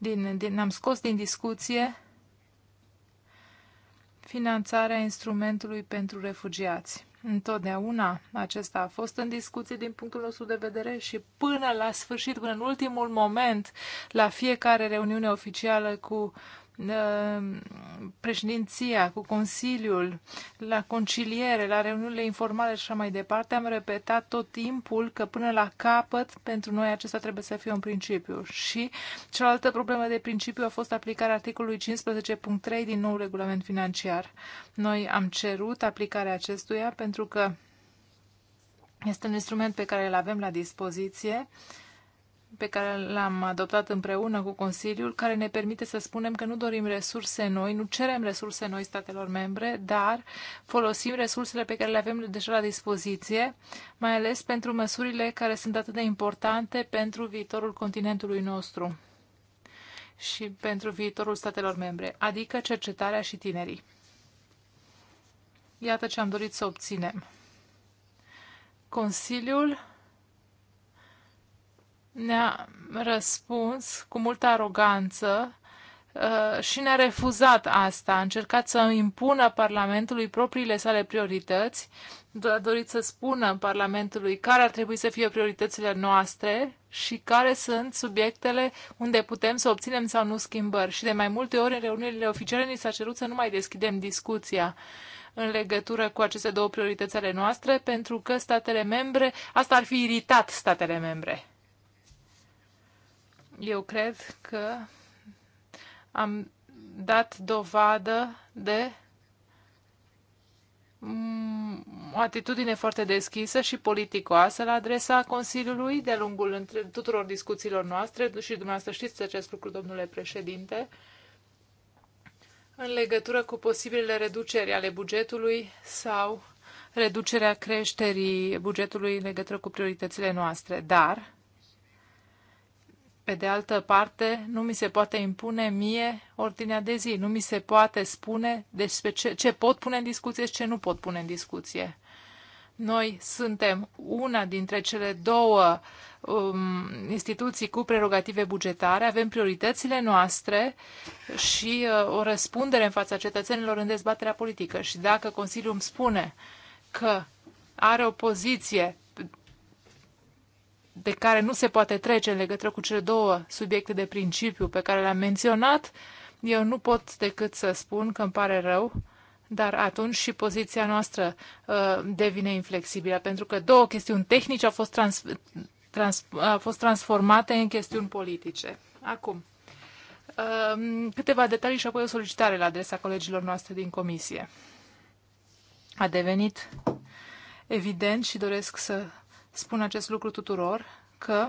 din, din, am scos din discuție finanțarea instrumentului pentru refugiați. Întotdeauna acesta a fost în discuție din punctul nostru de vedere și până la sfârșit, până în ultimul moment, la fiecare reuniune oficială cu Uh, președinția, cu Consiliul, la conciliere, la reuniunile informale și așa mai departe, am repetat tot timpul că până la capăt, pentru noi acesta trebuie să fie un principiu. Și cealaltă problemă de principiu a fost aplicarea articolului 15.3 din nou regulament financiar. Noi am cerut aplicarea acestuia pentru că este un instrument pe care îl avem la dispoziție uh, pe care l-am adoptat împreună cu Consiliul, care ne permite să spunem că nu dorim resurse noi, nu cerem resurse noi statelor membre, dar folosim resursele pe care le avem deja la dispoziție, mai ales pentru măsurile care sunt atât de importante pentru viitorul continentului nostru și pentru viitorul statelor membre, adică cercetarea și tinerii. Iată ce am dorit să obținem. Consiliul ne-a răspuns cu multă aroganță uh, și ne-a refuzat asta. A încercat să impună Parlamentului propriile sale priorități, a dorit să spună Parlamentului care ar trebui să fie prioritățile noastre și care sunt subiectele unde putem să obținem sau nu schimbări. Și de mai multe ori în reuniunile oficiale ni s-a cerut să nu mai deschidem discuția în legătură cu aceste două priorități ale noastre, pentru că statele membre, asta ar fi iritat statele membre eu cred că am dat dovadă de mm, o atitudine foarte deschisă și politicoasă la adresa Consiliului de-a lungul între tuturor discuțiilor noastre și dumneavoastră știți acest lucru, domnule președinte, în legătură cu posibilele reduceri ale bugetului sau reducerea creșterii bugetului în legătură cu prioritățile noastre. Dar pe de altă parte, nu mi se poate impune mie ordinea de zi, nu mi se poate spune despre ce, ce pot pune în discuție și ce nu pot pune în discuție. Noi suntem una dintre cele două um, instituții cu prerogative bugetare, avem prioritățile noastre și uh, o răspundere în fața cetățenilor în dezbaterea politică. Și dacă Consiliul îmi spune că are o poziție de care nu se poate trece în legătură cu cele două subiecte de principiu pe care le-am menționat, eu nu pot decât să spun că îmi pare rău, dar atunci și poziția noastră uh, devine inflexibilă, pentru că două chestiuni tehnice au fost, trans, trans, au fost transformate în chestiuni politice. Acum, uh, câteva detalii și apoi o solicitare la adresa colegilor noastre din comisie. A devenit evident și doresc să spun acest lucru tuturor, că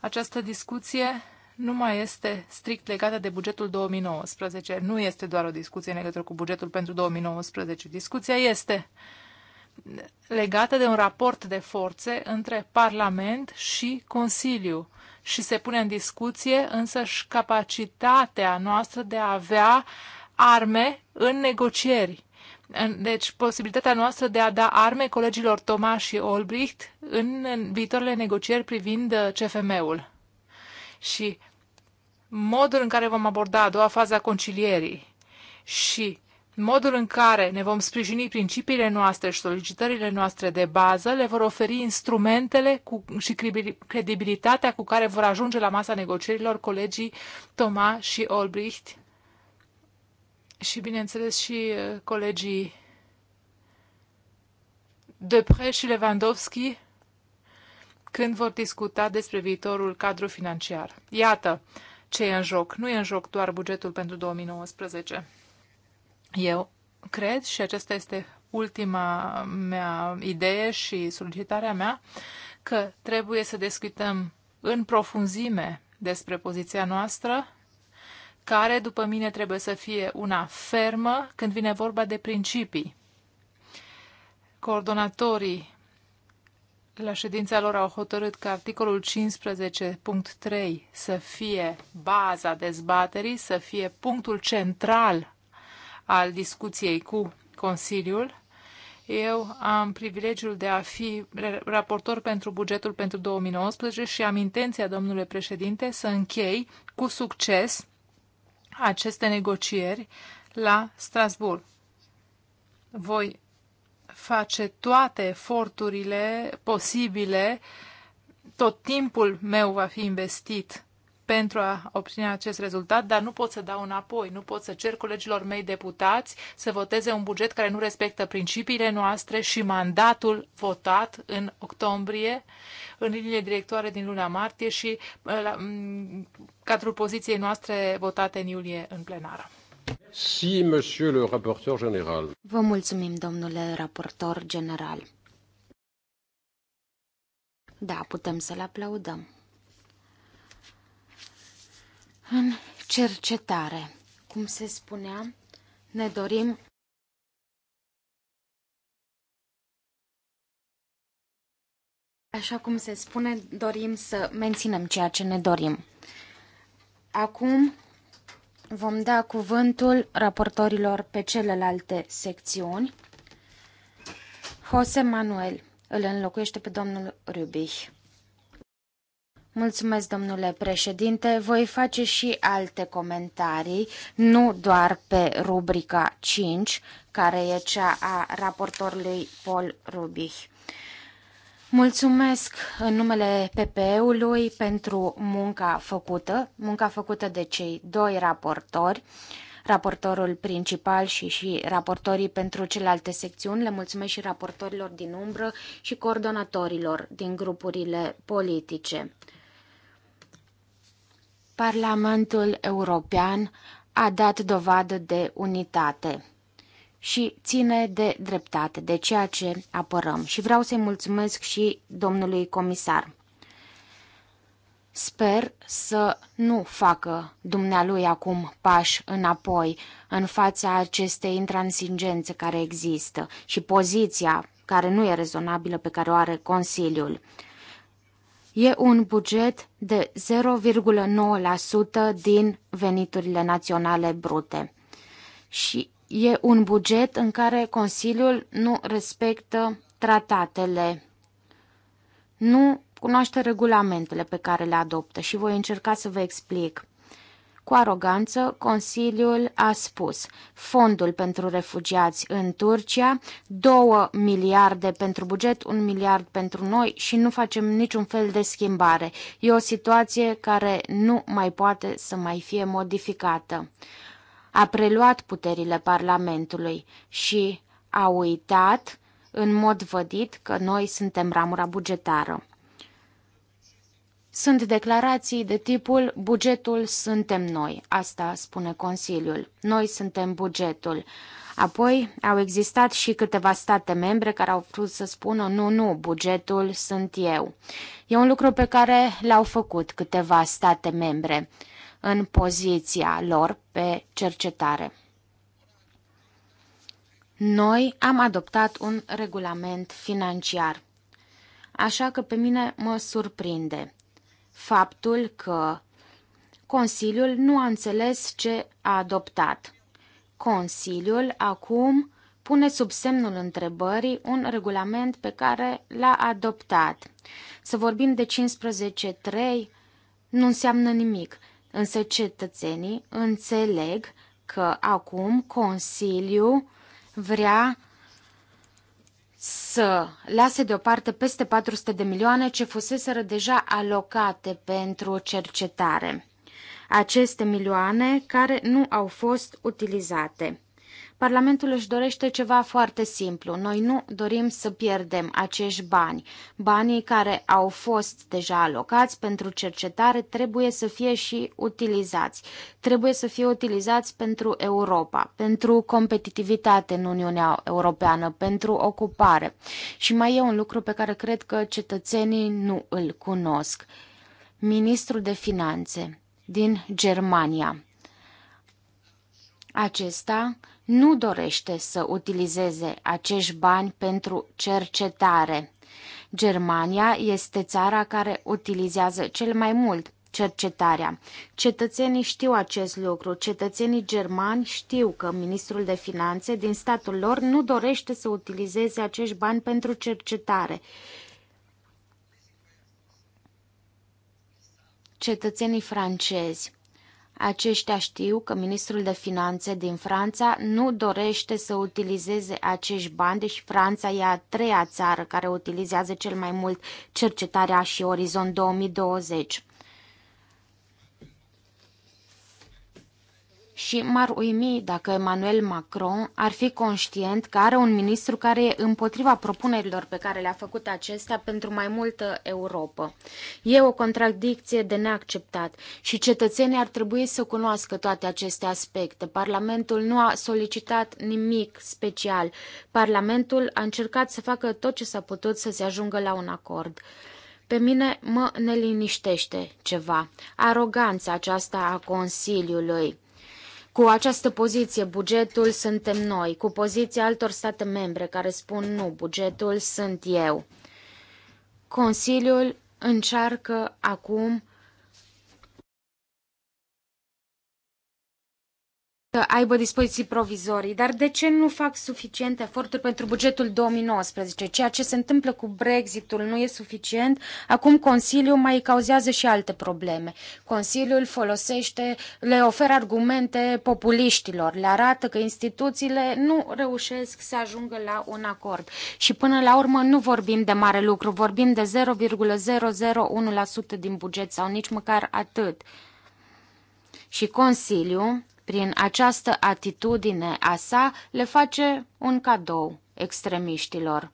această discuție nu mai este strict legată de bugetul 2019. Nu este doar o discuție în legătură cu bugetul pentru 2019. Discuția este legată de un raport de forțe între Parlament și Consiliu și se pune în discuție însă și capacitatea noastră de a avea arme în negocieri deci, posibilitatea noastră de a da arme colegilor Toma și Olbricht în viitoarele negocieri privind uh, CFM-ul. Și modul în care vom aborda a doua fază a concilierii și modul în care ne vom sprijini principiile noastre și solicitările noastre de bază le vor oferi instrumentele cu, și credibilitatea cu care vor ajunge la masa negocierilor colegii Toma și Olbricht și, bineînțeles, și uh, colegii Depre și Lewandowski când vor discuta despre viitorul cadru financiar. Iată ce e în joc. Nu e în joc doar bugetul pentru 2019. Eu cred, și aceasta este ultima mea idee și solicitarea mea, că trebuie să discutăm în profunzime despre poziția noastră care, după mine, trebuie să fie una fermă când vine vorba de principii. Coordonatorii la ședința lor au hotărât că articolul 15.3 să fie baza dezbaterii, să fie punctul central al discuției cu Consiliul. Eu am privilegiul de a fi raportor pentru bugetul pentru 2019 și am intenția, domnule președinte, să închei cu succes aceste negocieri la Strasbourg. Voi face toate eforturile posibile, tot timpul meu va fi investit pentru a obține acest rezultat, dar nu pot să dau înapoi, nu pot să cer colegilor mei deputați să voteze un buget care nu respectă principiile noastre și mandatul votat în octombrie, în liniile directoare din luna martie și uh, la, în mm, cadrul poziției noastre votate în iulie în plenară. Si, monsieur le rapporteur general. Vă mulțumim, domnule raportor general. Da, putem să-l aplaudăm. În cercetare, cum se spunea, ne dorim Așa cum se spune, dorim să menținem ceea ce ne dorim. Acum vom da cuvântul raportorilor pe celelalte secțiuni. Jose Manuel îl înlocuiește pe domnul Rubich. Mulțumesc, domnule președinte. Voi face și alte comentarii, nu doar pe rubrica 5, care e cea a raportorului Paul Rubich. Mulțumesc în numele PPE-ului pentru munca făcută, munca făcută de cei doi raportori raportorul principal și și raportorii pentru celelalte secțiuni. Le mulțumesc și raportorilor din umbră și coordonatorilor din grupurile politice. Parlamentul European a dat dovadă de unitate și ține de dreptate, de ceea ce apărăm. Și vreau să-i mulțumesc și domnului comisar. Sper să nu facă dumnealui acum pași înapoi în fața acestei intransigențe care există și poziția care nu e rezonabilă pe care o are Consiliul. E un buget de 0,9% din veniturile naționale brute. Și e un buget în care Consiliul nu respectă tratatele, nu cunoaște regulamentele pe care le adoptă și voi încerca să vă explic. Cu aroganță, Consiliul a spus fondul pentru refugiați în Turcia, 2 miliarde pentru buget, 1 miliard pentru noi și nu facem niciun fel de schimbare. E o situație care nu mai poate să mai fie modificată. A preluat puterile Parlamentului și a uitat în mod vădit că noi suntem ramura bugetară. Sunt declarații de tipul bugetul suntem noi, asta spune Consiliul. Noi suntem bugetul. Apoi au existat și câteva state membre care au vrut să spună nu, nu, bugetul sunt eu. E un lucru pe care l-au făcut câteva state membre în poziția lor pe cercetare. Noi am adoptat un regulament financiar, așa că pe mine mă surprinde faptul că Consiliul nu a înțeles ce a adoptat. Consiliul acum pune sub semnul întrebării un regulament pe care l-a adoptat. Să vorbim de 15.3 nu înseamnă nimic, însă cetățenii înțeleg că acum Consiliul vrea să lase deoparte peste 400 de milioane ce fuseseră deja alocate pentru cercetare. Aceste milioane care nu au fost utilizate. Parlamentul își dorește ceva foarte simplu. Noi nu dorim să pierdem acești bani. Banii care au fost deja alocați pentru cercetare trebuie să fie și utilizați. Trebuie să fie utilizați pentru Europa, pentru competitivitate în Uniunea Europeană, pentru ocupare. Și mai e un lucru pe care cred că cetățenii nu îl cunosc. Ministrul de Finanțe din Germania. Acesta nu dorește să utilizeze acești bani pentru cercetare. Germania este țara care utilizează cel mai mult cercetarea. Cetățenii știu acest lucru. Cetățenii germani știu că ministrul de finanțe din statul lor nu dorește să utilizeze acești bani pentru cercetare. Cetățenii francezi aceștia știu că ministrul de finanțe din Franța nu dorește să utilizeze acești bani, deși Franța e a treia țară care utilizează cel mai mult cercetarea și Orizont 2020. și m-ar uimi dacă Emmanuel Macron ar fi conștient că are un ministru care e împotriva propunerilor pe care le-a făcut acesta pentru mai multă Europa. E o contradicție de neacceptat și cetățenii ar trebui să cunoască toate aceste aspecte. Parlamentul nu a solicitat nimic special. Parlamentul a încercat să facă tot ce s-a putut să se ajungă la un acord. Pe mine mă neliniștește ceva. Aroganța aceasta a Consiliului. Cu această poziție, bugetul suntem noi, cu poziția altor state membre care spun nu, bugetul sunt eu. Consiliul încearcă acum să aibă dispoziții provizorii, dar de ce nu fac suficiente eforturi pentru bugetul 2019? Ceea ce se întâmplă cu Brexitul nu e suficient. Acum Consiliul mai cauzează și alte probleme. Consiliul folosește, le oferă argumente populiștilor, le arată că instituțiile nu reușesc să ajungă la un acord. Și până la urmă nu vorbim de mare lucru, vorbim de 0,001% din buget sau nici măcar atât. Și Consiliul prin această atitudine a sa le face un cadou extremiștilor.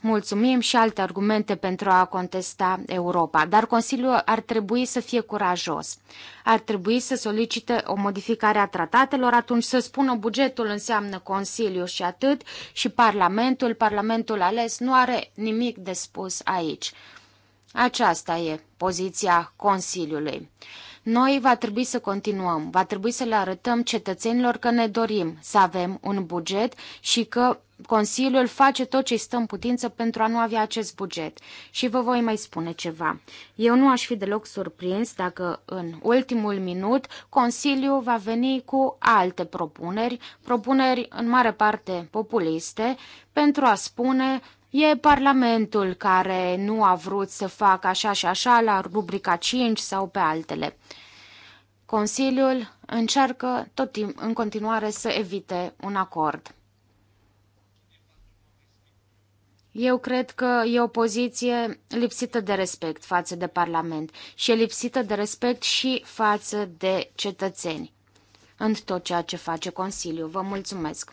Mulțumim și alte argumente pentru a contesta Europa, dar Consiliul ar trebui să fie curajos. Ar trebui să solicite o modificare a tratatelor, atunci să spună bugetul înseamnă Consiliu și atât, și Parlamentul, Parlamentul ales, nu are nimic de spus aici. Aceasta e poziția Consiliului. Noi va trebui să continuăm, va trebui să le arătăm cetățenilor că ne dorim să avem un buget și că Consiliul face tot ce stă în putință pentru a nu avea acest buget. Și vă voi mai spune ceva. Eu nu aș fi deloc surprins dacă în ultimul minut Consiliul va veni cu alte propuneri, propuneri în mare parte populiste, pentru a spune E Parlamentul care nu a vrut să facă așa și așa la rubrica 5 sau pe altele. Consiliul încearcă tot timp, în continuare să evite un acord. Eu cred că e o poziție lipsită de respect față de Parlament și e lipsită de respect și față de cetățeni în tot ceea ce face Consiliul. Vă mulțumesc!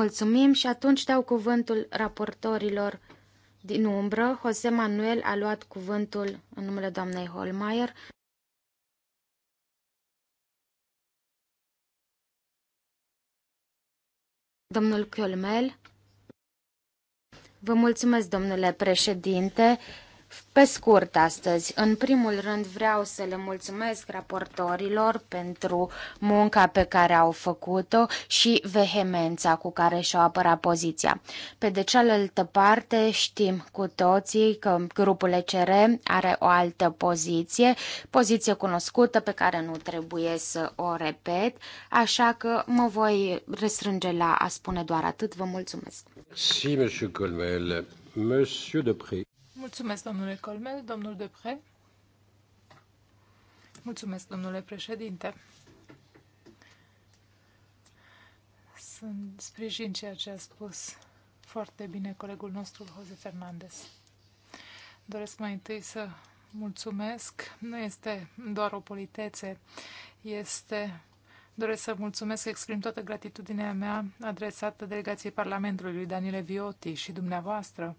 Mulțumim și atunci dau cuvântul raportorilor din umbră. Jose Manuel a luat cuvântul în numele doamnei Holmeier. Domnul Chiolmel. Vă mulțumesc, domnule președinte. Pe scurt astăzi, în primul rând vreau să le mulțumesc raportorilor pentru munca pe care au făcut-o și vehemența cu care și-au apărat poziția. Pe de cealaltă parte, știm cu toții că grupul ECR are o altă poziție, poziție cunoscută pe care nu trebuie să o repet, așa că mă voi restrânge la a spune doar atât. Vă mulțumesc. Si, monsieur Colmel, monsieur Depré. Mulțumesc, domnule Colmel. Domnul Depre. Mulțumesc, domnule președinte. Sunt sprijin ceea ce a spus foarte bine colegul nostru, Jose Fernandez. Doresc mai întâi să mulțumesc. Nu este doar o politețe, este... Doresc să mulțumesc, exprim toată gratitudinea mea adresată delegației Parlamentului lui Daniele Vioti și dumneavoastră.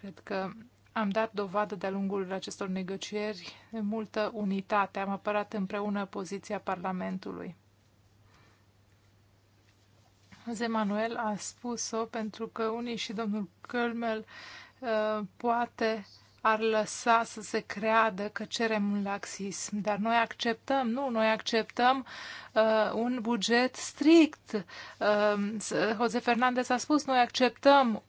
Cred că am dat dovadă de-a lungul acestor negocieri de multă unitate. Am apărat împreună poziția Parlamentului. Jose Manuel a spus-o pentru că unii și domnul Kölmel uh, poate uh, ar lăsa să se creadă că cerem un laxism. Dar noi acceptăm, nu, noi acceptăm uh, un buget strict. Uh, Jose Fernandez a spus, noi acceptăm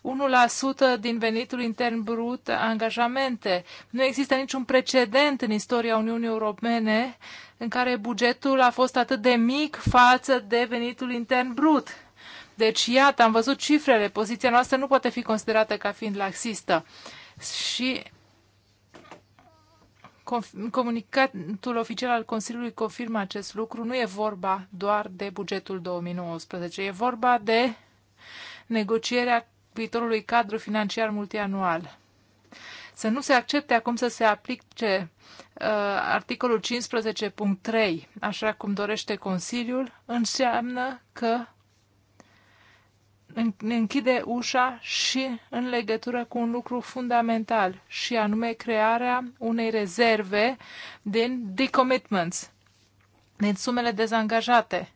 uh, 1% din venitul intern brut angajamente. Nu există niciun precedent în istoria Uniunii Europene în care bugetul a fost atât de mic față de venitul intern brut. Deci, iată, am văzut cifrele, poziția noastră nu poate fi considerată ca fiind laxistă. Uh, și comunicatul oficial al Consiliului confirmă acest lucru. Nu e vorba doar de bugetul 2019, e vorba de negocierea viitorului cadru financiar multianual. Să nu se accepte acum să se aplice uh, articolul 15.3, așa cum dorește Consiliul, înseamnă că ne închide ușa și în legătură cu un lucru fundamental, și anume crearea unei rezerve din decommitments, din sumele dezangajate.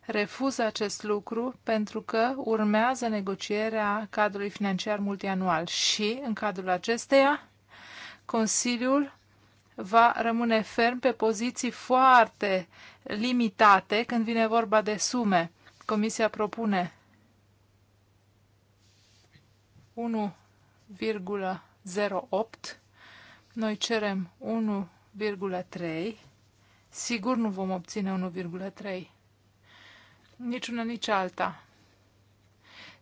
Refuz acest lucru pentru că urmează negocierea cadrului financiar multianual și, în cadrul acesteia, Consiliul va rămâne ferm pe poziții foarte limitate când vine vorba de sume Comisia propune 1,08. Noi cerem 1,3. Sigur nu vom obține 1,3. Nici una, nici alta.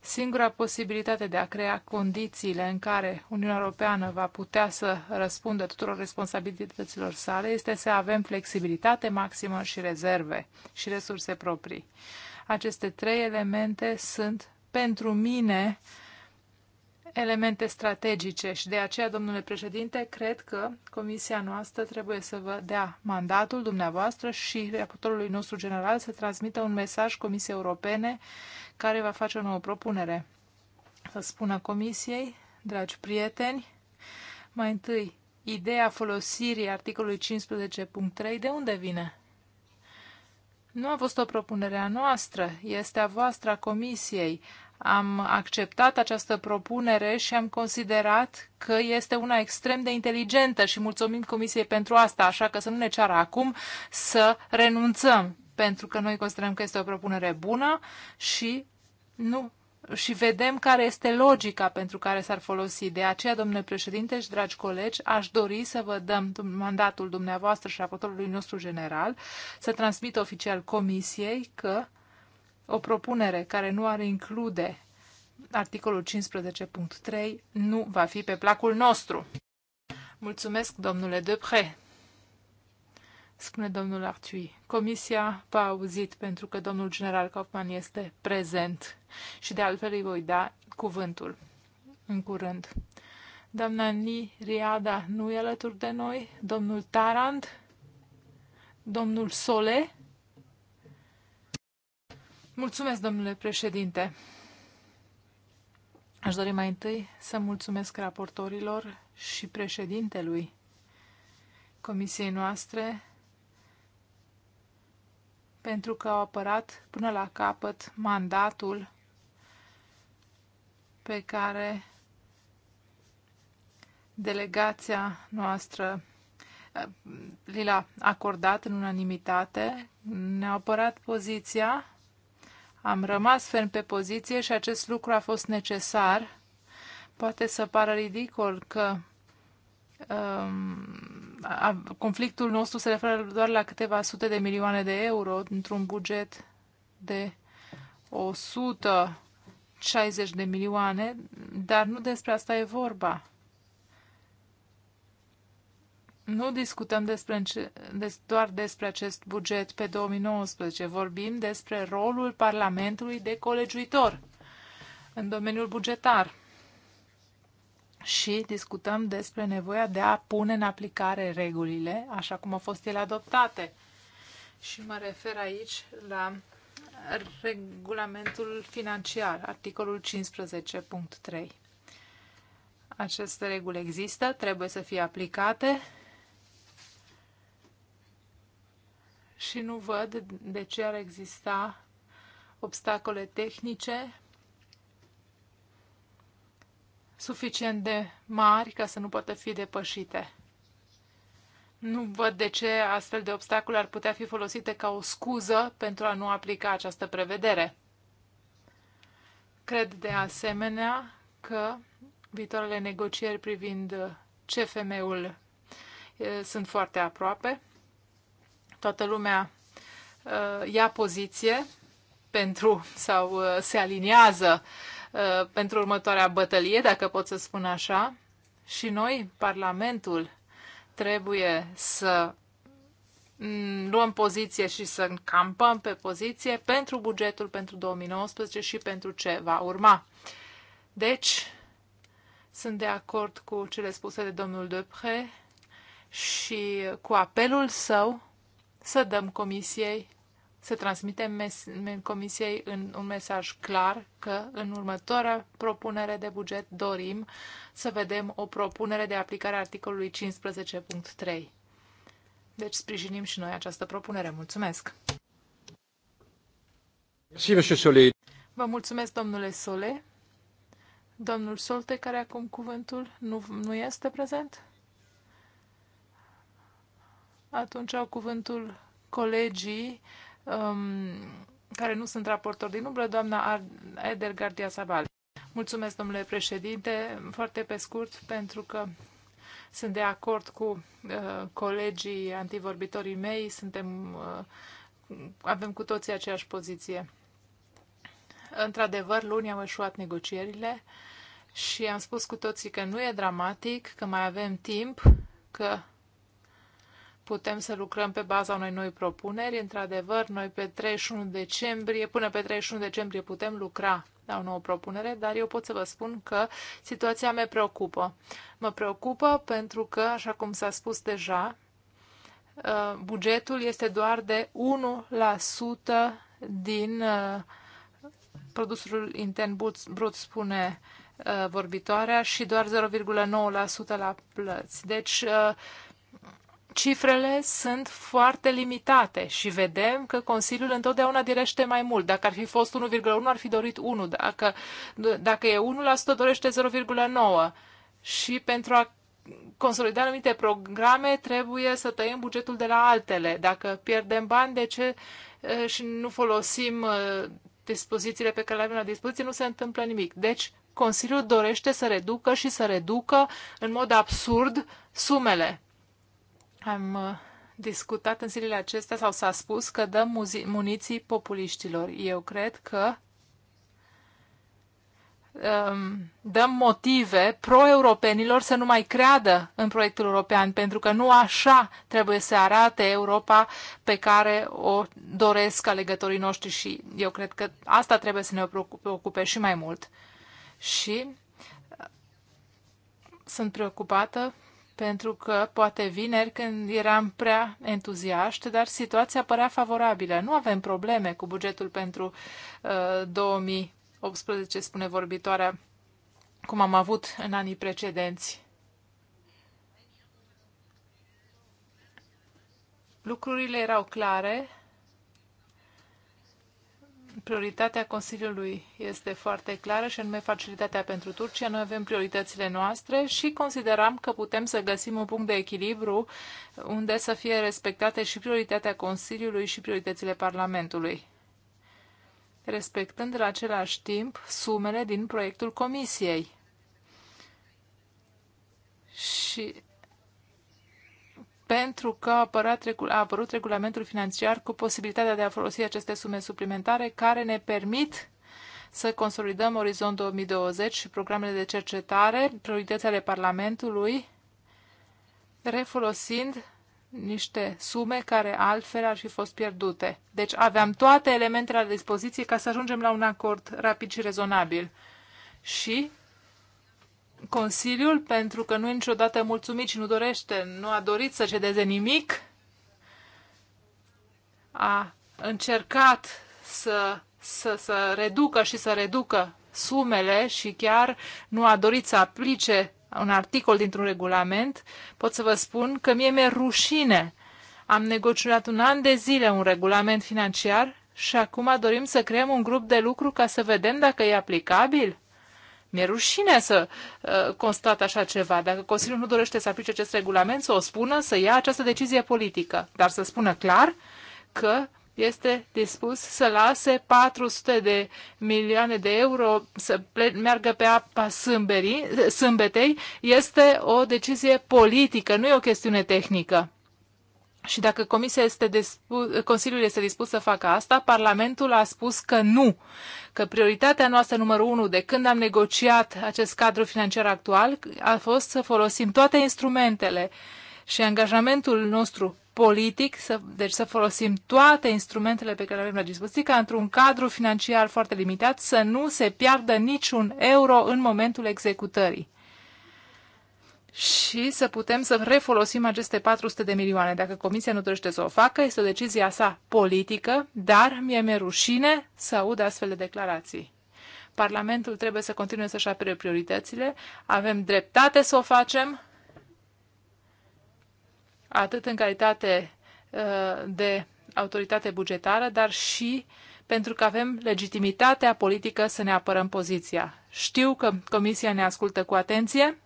Singura posibilitate de a crea condițiile în care Uniunea Europeană va putea să răspundă tuturor responsabilităților sale este să avem flexibilitate maximă și rezerve și resurse proprii. Aceste trei elemente sunt pentru mine elemente strategice și de aceea, domnule președinte, cred că comisia noastră trebuie să vă dea mandatul dumneavoastră și raportorului nostru general să transmită un mesaj Comisiei Europene care va face o nouă propunere. Să spună comisiei, dragi prieteni, mai întâi, ideea folosirii articolului 15.3 de unde vine? Nu a fost o propunere a noastră, este a voastră, a Comisiei. Am acceptat această propunere și am considerat că este una extrem de inteligentă și mulțumim Comisiei pentru asta, așa că să nu ne ceară acum să renunțăm, pentru că noi considerăm că este o propunere bună și nu și vedem care este logica pentru care s-ar folosi. De aceea, domnule președinte și dragi colegi, aș dori să vă dăm mandatul dumneavoastră și raportorului nostru general să transmit oficial comisiei că o propunere care nu ar include articolul 15.3 nu va fi pe placul nostru. Mulțumesc, domnule Depre spune domnul Arciui. Comisia va auzit pentru că domnul general Kaufman este prezent și de altfel îi voi da cuvântul în curând. Doamna Ni Riada nu e alături de noi, domnul Tarand, domnul Sole. Mulțumesc, domnule președinte. Aș dori mai întâi să mulțumesc raportorilor și președintelui comisiei noastre pentru că au apărat până la capăt mandatul pe care delegația noastră eh, li l-a acordat în unanimitate, ne-a apărat poziția, am rămas ferm pe poziție și acest lucru a fost necesar. Poate să pară ridicol că um, conflictul nostru se referă doar la câteva sute de milioane de euro într-un buget de 160 de milioane, dar nu despre asta e vorba. Nu discutăm despre, doar despre acest buget pe 2019, vorbim despre rolul Parlamentului de colegiuitor în domeniul bugetar și discutăm despre nevoia de a pune în aplicare regulile așa cum au fost ele adoptate. Și mă refer aici la regulamentul financiar, articolul 15.3. Aceste reguli există, trebuie să fie aplicate și nu văd de ce ar exista obstacole tehnice suficient de mari ca să nu poată fi depășite. Nu văd de ce astfel de obstacole ar putea fi folosite ca o scuză pentru a nu aplica această prevedere. Cred de asemenea că viitoarele negocieri privind CFM-ul sunt foarte aproape. Toată lumea ia poziție pentru sau se aliniază uh, Uh, pentru următoarea bătălie, dacă pot să spun așa. Și noi, Parlamentul, trebuie să mm, luăm poziție și să încampăm pe poziție pentru bugetul pentru 2019 și pentru ce va urma. Deci, sunt de acord cu cele spuse de domnul Depre și cu apelul său să dăm comisiei să transmitem Comisiei în un mesaj clar că în următoarea propunere de buget dorim să vedem o propunere de aplicare a articolului 15.3. Deci sprijinim și noi această propunere. Mulțumesc! Vă mulțumesc, domnule Sole. Domnul Solte, care acum cuvântul, nu, nu este prezent? Atunci au cuvântul colegii um, care nu sunt raportori din umbră, doamna Eder Gardia Sabal. Mulțumesc, domnule președinte, foarte pe scurt, pentru că sunt de acord cu uh, colegii antivorbitorii mei, suntem, uh, avem cu toții aceeași poziție. Într-adevăr, luni au eșuat negocierile și am spus cu toții că nu e dramatic, că mai avem timp, că putem să lucrăm pe baza unei noi propuneri. Într-adevăr, noi pe 31 decembrie, până pe 31 decembrie putem lucra la o nouă propunere, dar eu pot să vă spun că situația mea preocupă. Mă preocupă pentru că, așa cum s-a spus deja, uh, bugetul este doar de 1% din uh, produsul intern brut, spune uh, vorbitoarea, și doar 0,9% la plăți. Deci, cifrele sunt foarte limitate și vedem că Consiliul întotdeauna direște mai mult. Dacă ar fi fost 1,1, ar fi dorit 1. Dacă, dacă e 1%, dorește 0,9. Și pentru a consolida anumite programe, trebuie să tăiem bugetul de la altele. Dacă pierdem bani, de ce eh, și nu folosim eh, dispozițiile pe care le avem la dispoziție, nu se întâmplă nimic. Deci, Consiliul dorește să reducă și să reducă în mod absurd sumele. Am uh, discutat în zilele acestea sau s-a spus că dăm muniții populiștilor. Eu cred că um, dăm motive pro-europenilor să nu mai creadă în proiectul european, pentru că nu așa trebuie să arate Europa pe care o doresc alegătorii noștri și eu cred că asta trebuie să ne preocupe și mai mult. Și uh, sunt preocupată pentru că poate vineri când eram prea entuziaști, dar situația părea favorabilă. Nu avem probleme cu bugetul pentru uh, 2018, spune vorbitoarea, cum am avut în anii precedenți. Lucrurile erau clare prioritatea Consiliului este foarte clară și anume facilitatea pentru Turcia. Noi avem prioritățile noastre și considerăm că putem să găsim un punct de echilibru unde să fie respectate și prioritatea Consiliului și prioritățile Parlamentului, respectând în același timp sumele din proiectul Comisiei. Și pentru că a, apărat, a apărut regulamentul financiar cu posibilitatea de a folosi aceste sume suplimentare care ne permit să consolidăm Orizont 2020 și programele de cercetare, ale Parlamentului, refolosind niște sume care altfel ar fi fost pierdute. Deci aveam toate elementele la dispoziție ca să ajungem la un acord rapid și rezonabil. Și Consiliul, pentru că nu e niciodată mulțumit și nu dorește, nu a dorit să cedeze nimic, a încercat să, să, să reducă și să reducă sumele și chiar nu a dorit să aplice un articol dintr-un regulament, pot să vă spun că mie mi-e rușine. Am negociat un an de zile un regulament financiar și acum dorim să creăm un grup de lucru ca să vedem dacă e aplicabil? Mi-e rușine să uh, constat așa ceva. Dacă Consiliul nu dorește să aplice acest regulament, să o spună, să ia această decizie politică, dar să spună clar că este dispus să lase 400 de milioane de euro să meargă pe apa sâmberii, sâmbetei, este o decizie politică, nu e o chestiune tehnică. Și dacă comisia este Consiliul este dispus să facă asta, Parlamentul a spus că nu, că prioritatea noastră numărul unu de când am negociat acest cadru financiar actual a fost să folosim toate instrumentele și angajamentul nostru politic, să, deci să folosim toate instrumentele pe care le avem la dispoziție, ca într-un cadru financiar foarte limitat să nu se piardă niciun euro în momentul executării și să putem să refolosim aceste 400 de milioane. Dacă Comisia nu dorește să o facă, este o decizie a sa politică, dar mie mi-e rușine să aud astfel de declarații. Parlamentul trebuie să continue să-și apere prioritățile, avem dreptate să o facem, atât în calitate uh, de autoritate bugetară, dar și pentru că avem legitimitatea politică să ne apărăm poziția. Știu că Comisia ne ascultă cu atenție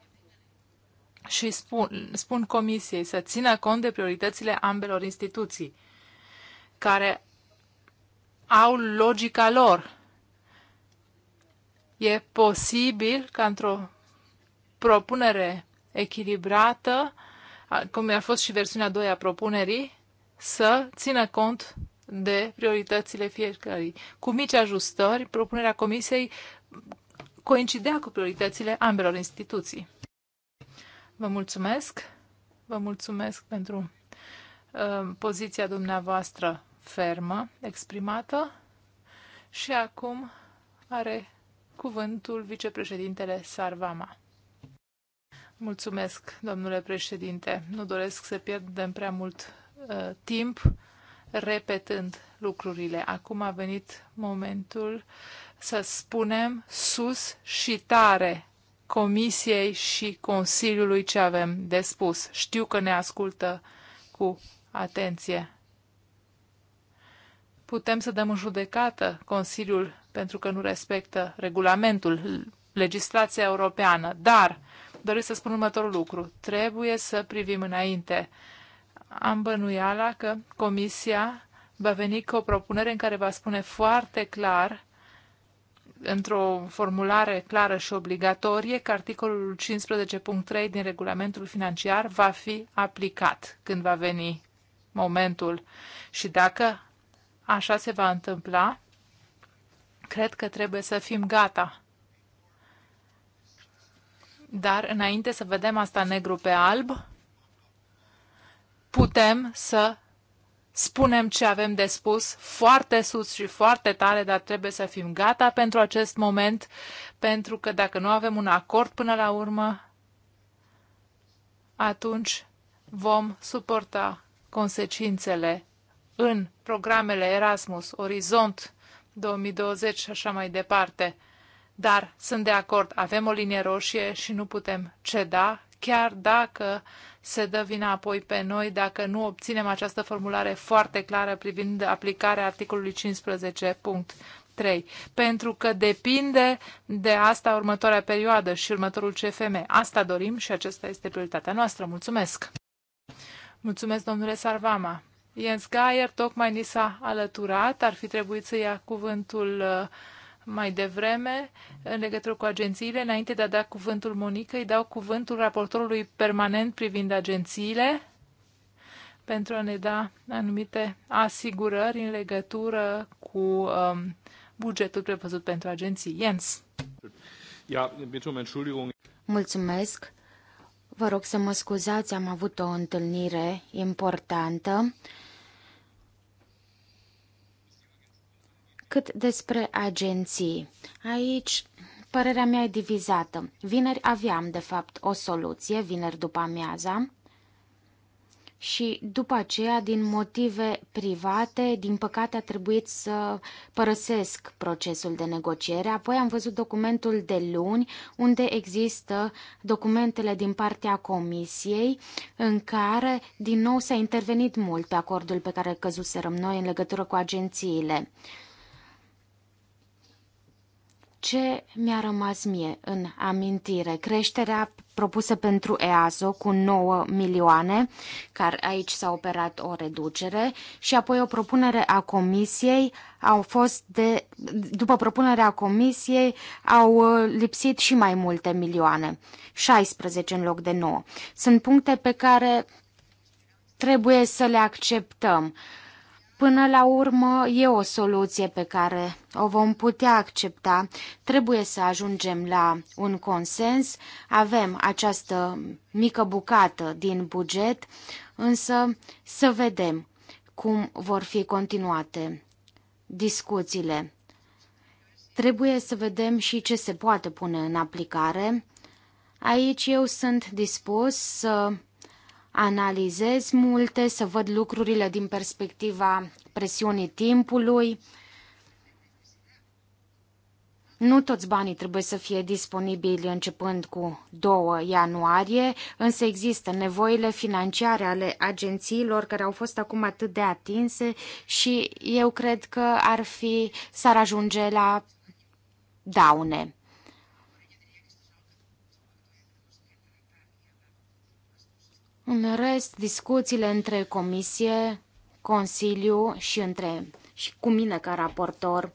și spun, spun Comisiei să țină cont de prioritățile ambelor instituții, care au logica lor. E posibil ca într-o propunere echilibrată, cum a fost și versiunea 2 a propunerii, să țină cont de prioritățile fiecărui. Cu mici ajustări, propunerea Comisiei coincidea cu prioritățile ambelor instituții. Vă mulțumesc. Vă mulțumesc pentru uh, poziția dumneavoastră fermă, exprimată. Și acum are cuvântul vicepreședintele Sarvama. Mulțumesc, domnule președinte. Nu doresc să pierdem prea mult uh, timp repetând lucrurile. Acum a venit momentul să spunem sus și tare Comisiei și Consiliului ce avem de spus. Știu că ne ascultă cu atenție. Putem să dăm în judecată Consiliul pentru că nu respectă regulamentul, legislația europeană, dar doresc să spun următorul lucru. Trebuie să privim înainte. Am bănuiala că Comisia va veni cu o propunere în care va spune foarte clar într-o formulare clară și obligatorie că articolul 15.3 din regulamentul financiar va fi aplicat când va veni momentul. Și dacă așa se va întâmpla, cred că trebuie să fim gata. Dar înainte să vedem asta negru pe alb, putem să spunem ce avem de spus foarte sus și foarte tare, dar trebuie să fim gata pentru acest moment, pentru că dacă nu avem un acord până la urmă, atunci vom suporta consecințele în programele Erasmus, Orizont 2020 și așa mai departe. Dar sunt de acord, avem o linie roșie și nu putem ceda chiar dacă se dă vina apoi pe noi dacă nu obținem această formulare foarte clară privind aplicarea articolului 15. 3, pentru că depinde de asta următoarea perioadă și următorul CFM. Asta dorim și acesta este prioritatea noastră. Mulțumesc! Mulțumesc, domnule Sarvama! Jens Geier tocmai ni s-a alăturat, ar fi trebuit să ia cuvântul uh, mai devreme în legătură cu agențiile. Înainte de a da cuvântul Monica, îi dau cuvântul raportorului permanent privind agențiile pentru a ne da anumite asigurări în legătură cu um, bugetul prevăzut pentru agenții. Jens. Um Mulțumesc. Vă rog să mă scuzați, am avut o întâlnire importantă. Cât despre agenții, aici părerea mea e divizată. Vineri aveam, de fapt, o soluție, vineri după amiaza, și după aceea, din motive private, din păcate a trebuit să părăsesc procesul de negociere. Apoi am văzut documentul de luni, unde există documentele din partea comisiei, în care din nou s-a intervenit mult pe acordul pe care căzuserăm noi în legătură cu agențiile. Ce mi-a rămas mie în amintire? Creșterea propusă pentru EASO cu 9 milioane, care aici s-a operat o reducere, și apoi o propunere a comisiei au fost de, după propunerea comisiei au uh, lipsit și mai multe milioane, 16 în loc de 9. Sunt puncte pe care trebuie să le acceptăm. Uh, Până la urmă, e o soluție pe care o vom putea accepta. Trebuie să ajungem la un consens. Avem această mică bucată din buget, însă să vedem cum vor fi continuate discuțiile. Trebuie să vedem și ce se poate pune în aplicare. Aici eu sunt dispus să analizez multe, să văd lucrurile din perspectiva presiunii timpului. Nu toți banii trebuie să fie disponibili începând cu 2 ianuarie, însă există nevoile financiare ale agențiilor care au fost acum atât de atinse și eu cred că ar fi, s-ar ajunge la daune. În rest, discuțiile între comisie, consiliu și între și cu mine ca raportor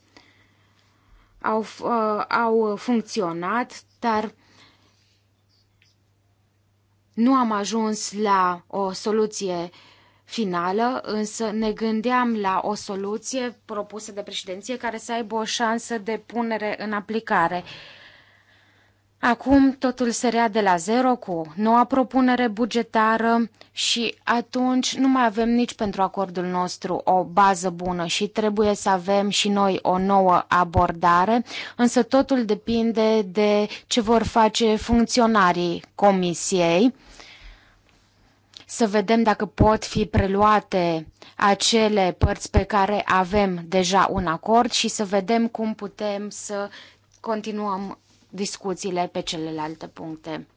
au, uh, au funcționat, dar nu am ajuns la o soluție finală, însă ne gândeam la o soluție propusă de președinție care să aibă o șansă de punere în aplicare. Uh, Acum totul se rea de la zero cu noua propunere bugetară și atunci nu mai avem nici pentru acordul nostru o bază bună și trebuie să avem și noi o nouă abordare, însă totul depinde de ce vor face funcționarii comisiei. Să vedem dacă pot fi preluate acele părți pe care avem deja un acord și să vedem cum putem să continuăm discuțiile pe celelalte puncte.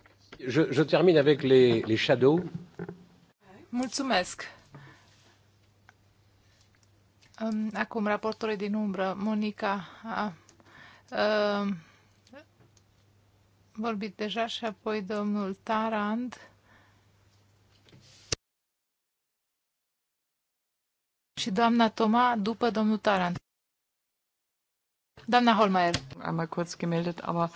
Je, je termine avec les, les shadows. Mulțumesc. Acum, raportorii din umbră. Monica a, a vorbit deja și apoi domnul Tarand. Și doamna Toma după domnul Tarand. Doamna Holmeier. Am mai gemeldet, aber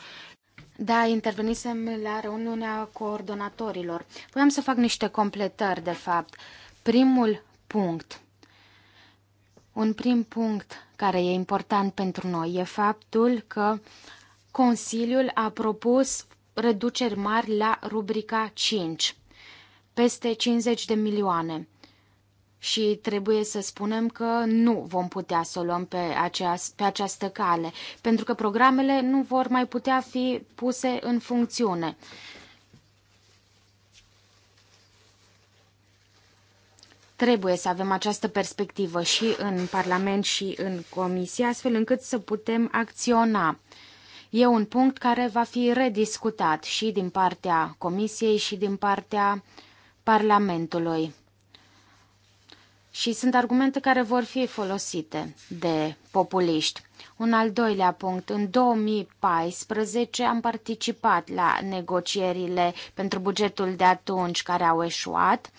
da, intervenisem la reuniunea coordonatorilor. Voiam să fac niște completări, de fapt. Primul punct. Un prim punct care e important pentru noi e faptul că Consiliul a propus reduceri mari la rubrica 5, peste 50 de milioane și trebuie să spunem că nu vom putea să o luăm pe, aceas, pe această cale, pentru că programele nu vor mai putea fi puse în funcțiune. Trebuie să avem această perspectivă și în Parlament și în Comisie, astfel încât să putem acționa. E un punct care va fi rediscutat și din partea Comisiei și din partea Parlamentului. Și sunt argumente care vor fi folosite de populiști. Un al doilea punct. În 2014 am participat la negocierile pentru bugetul de atunci care au eșuat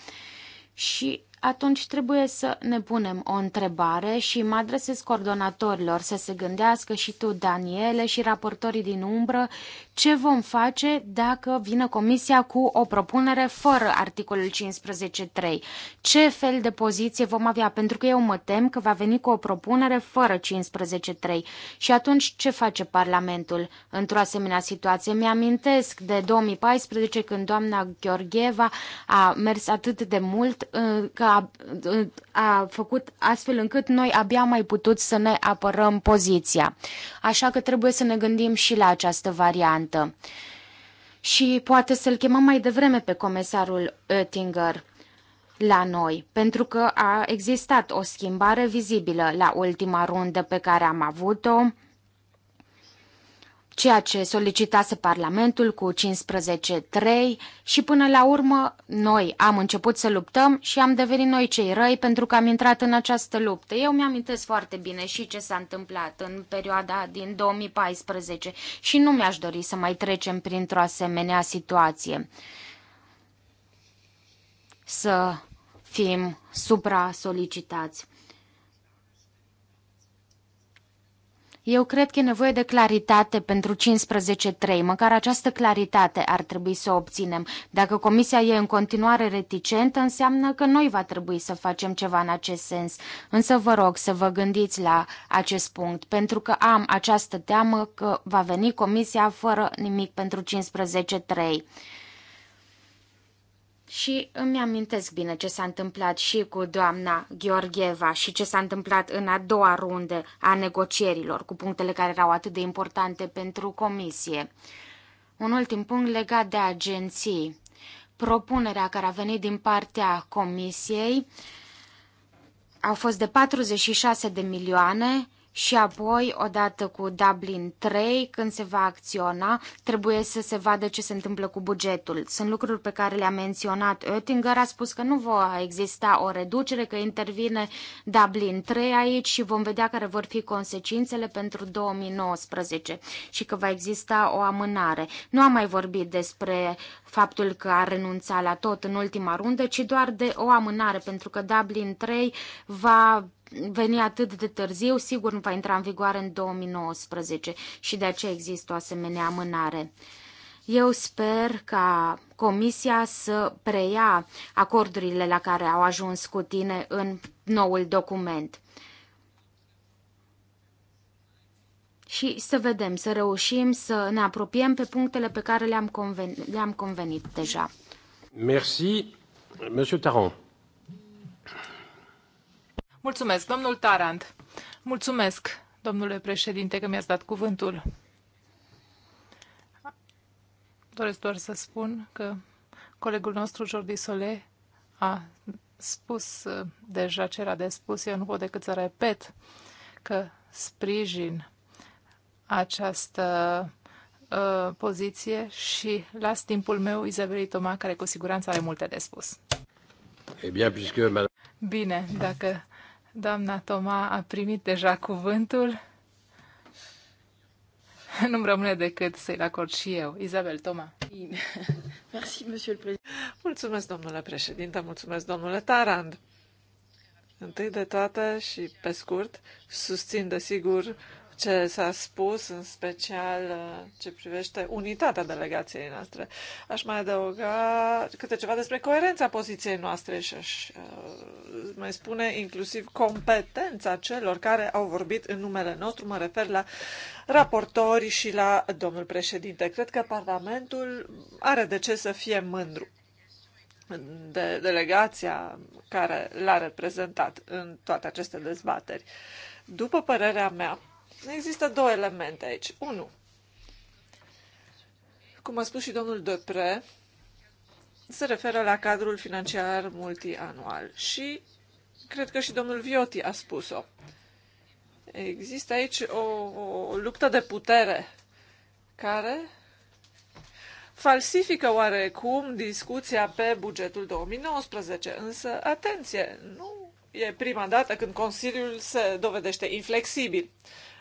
și atunci trebuie să ne punem o întrebare și mă adresez coordonatorilor să se gândească și tu, Daniele, și raportorii din umbră, ce vom face dacă vine Comisia cu o propunere fără articolul 15.3. Ce fel de poziție vom avea? Pentru că eu mă tem că va veni cu o propunere fără 15.3. Și atunci ce face Parlamentul într-o asemenea situație? Mi-amintesc de 2014 când doamna Gheorgheva a mers atât de mult uh, că a, făcut astfel încât noi abia am mai putut să ne apărăm poziția. Așa că trebuie să ne gândim și la această variantă. Și poate să-l chemăm mai devreme pe comisarul Oettinger la noi, pentru că a existat o schimbare vizibilă la ultima rundă pe care am avut-o ceea ce solicitase Parlamentul cu 15-3 și până la urmă noi am început să luptăm și am devenit noi cei răi pentru că am intrat în această luptă. Eu mi-amintesc foarte bine și ce s-a întâmplat în perioada din 2014 și nu mi-aș dori să mai trecem printr-o asemenea situație. Să fim supra-solicitați. Eu cred că e nevoie de claritate pentru 15.3, măcar această claritate ar trebui să o obținem. Dacă Comisia e în continuare reticentă, înseamnă că noi va trebui să facem ceva în acest sens. Însă vă rog să vă gândiți la acest punct, pentru că am această teamă că va veni Comisia fără nimic pentru 15.3. Și îmi amintesc bine ce s-a întâmplat și cu doamna Gheorgheva și ce s-a întâmplat în a doua rundă a negocierilor cu punctele care erau atât de importante pentru comisie. Un ultim punct legat de agenții. Propunerea care a venit din partea comisiei au fost de 46 de milioane, și apoi, odată cu Dublin 3, când se va acționa, trebuie să se vadă ce se întâmplă cu bugetul. Sunt lucruri pe care le-a menționat Oettinger, a spus că nu va exista o reducere, că intervine Dublin 3 aici și vom vedea care vor fi consecințele pentru 2019 și că va exista o amânare. Nu am mai vorbit despre faptul că a renunțat la tot în ultima rundă, ci doar de o amânare, pentru că Dublin 3 va veni atât de târziu, sigur nu va intra în vigoare în 2019 și de aceea există o asemenea amânare. Eu sper ca Comisia să preia acordurile la care au ajuns cu tine în noul document. Și să vedem, să reușim să ne apropiem pe punctele pe care le-am conven- le convenit deja. Merci, Monsieur Taron. Mulțumesc, domnul Tarand. Mulțumesc, domnule președinte, că mi-ați dat cuvântul. Doresc doar să spun că colegul nostru, Jordi Sole, a spus deja ce era de spus. Eu nu pot decât să repet că sprijin această uh, poziție și las timpul meu Izabelei Toma, care cu siguranță are multe de spus. E eh bine, puisque... Bine, dacă Doamna Toma a primit deja cuvântul. Nu-mi rămâne decât să-i acord și eu. Isabel Toma. Mulțumesc, domnule președinte, mulțumesc, domnule Tarand. Întâi de toate și pe scurt, susțin desigur ce s-a spus, în special uh, ce privește unitatea delegației noastre. Aș mai adăuga câte ceva despre coerența poziției noastre și aș uh, mai spune inclusiv competența celor care au vorbit în numele nostru. Mă refer la raportori și la domnul președinte. Cred că Parlamentul are de ce să fie mândru de delegația care l-a reprezentat în toate aceste dezbateri. După părerea mea, Există două elemente aici. Unu, cum a spus și domnul Depre, se referă la cadrul financiar multianual și cred că și domnul Vioti a spus-o. Există aici o, o luptă de putere care falsifică oarecum discuția pe bugetul 2019. Însă, atenție, nu e prima dată când Consiliul se dovedește inflexibil.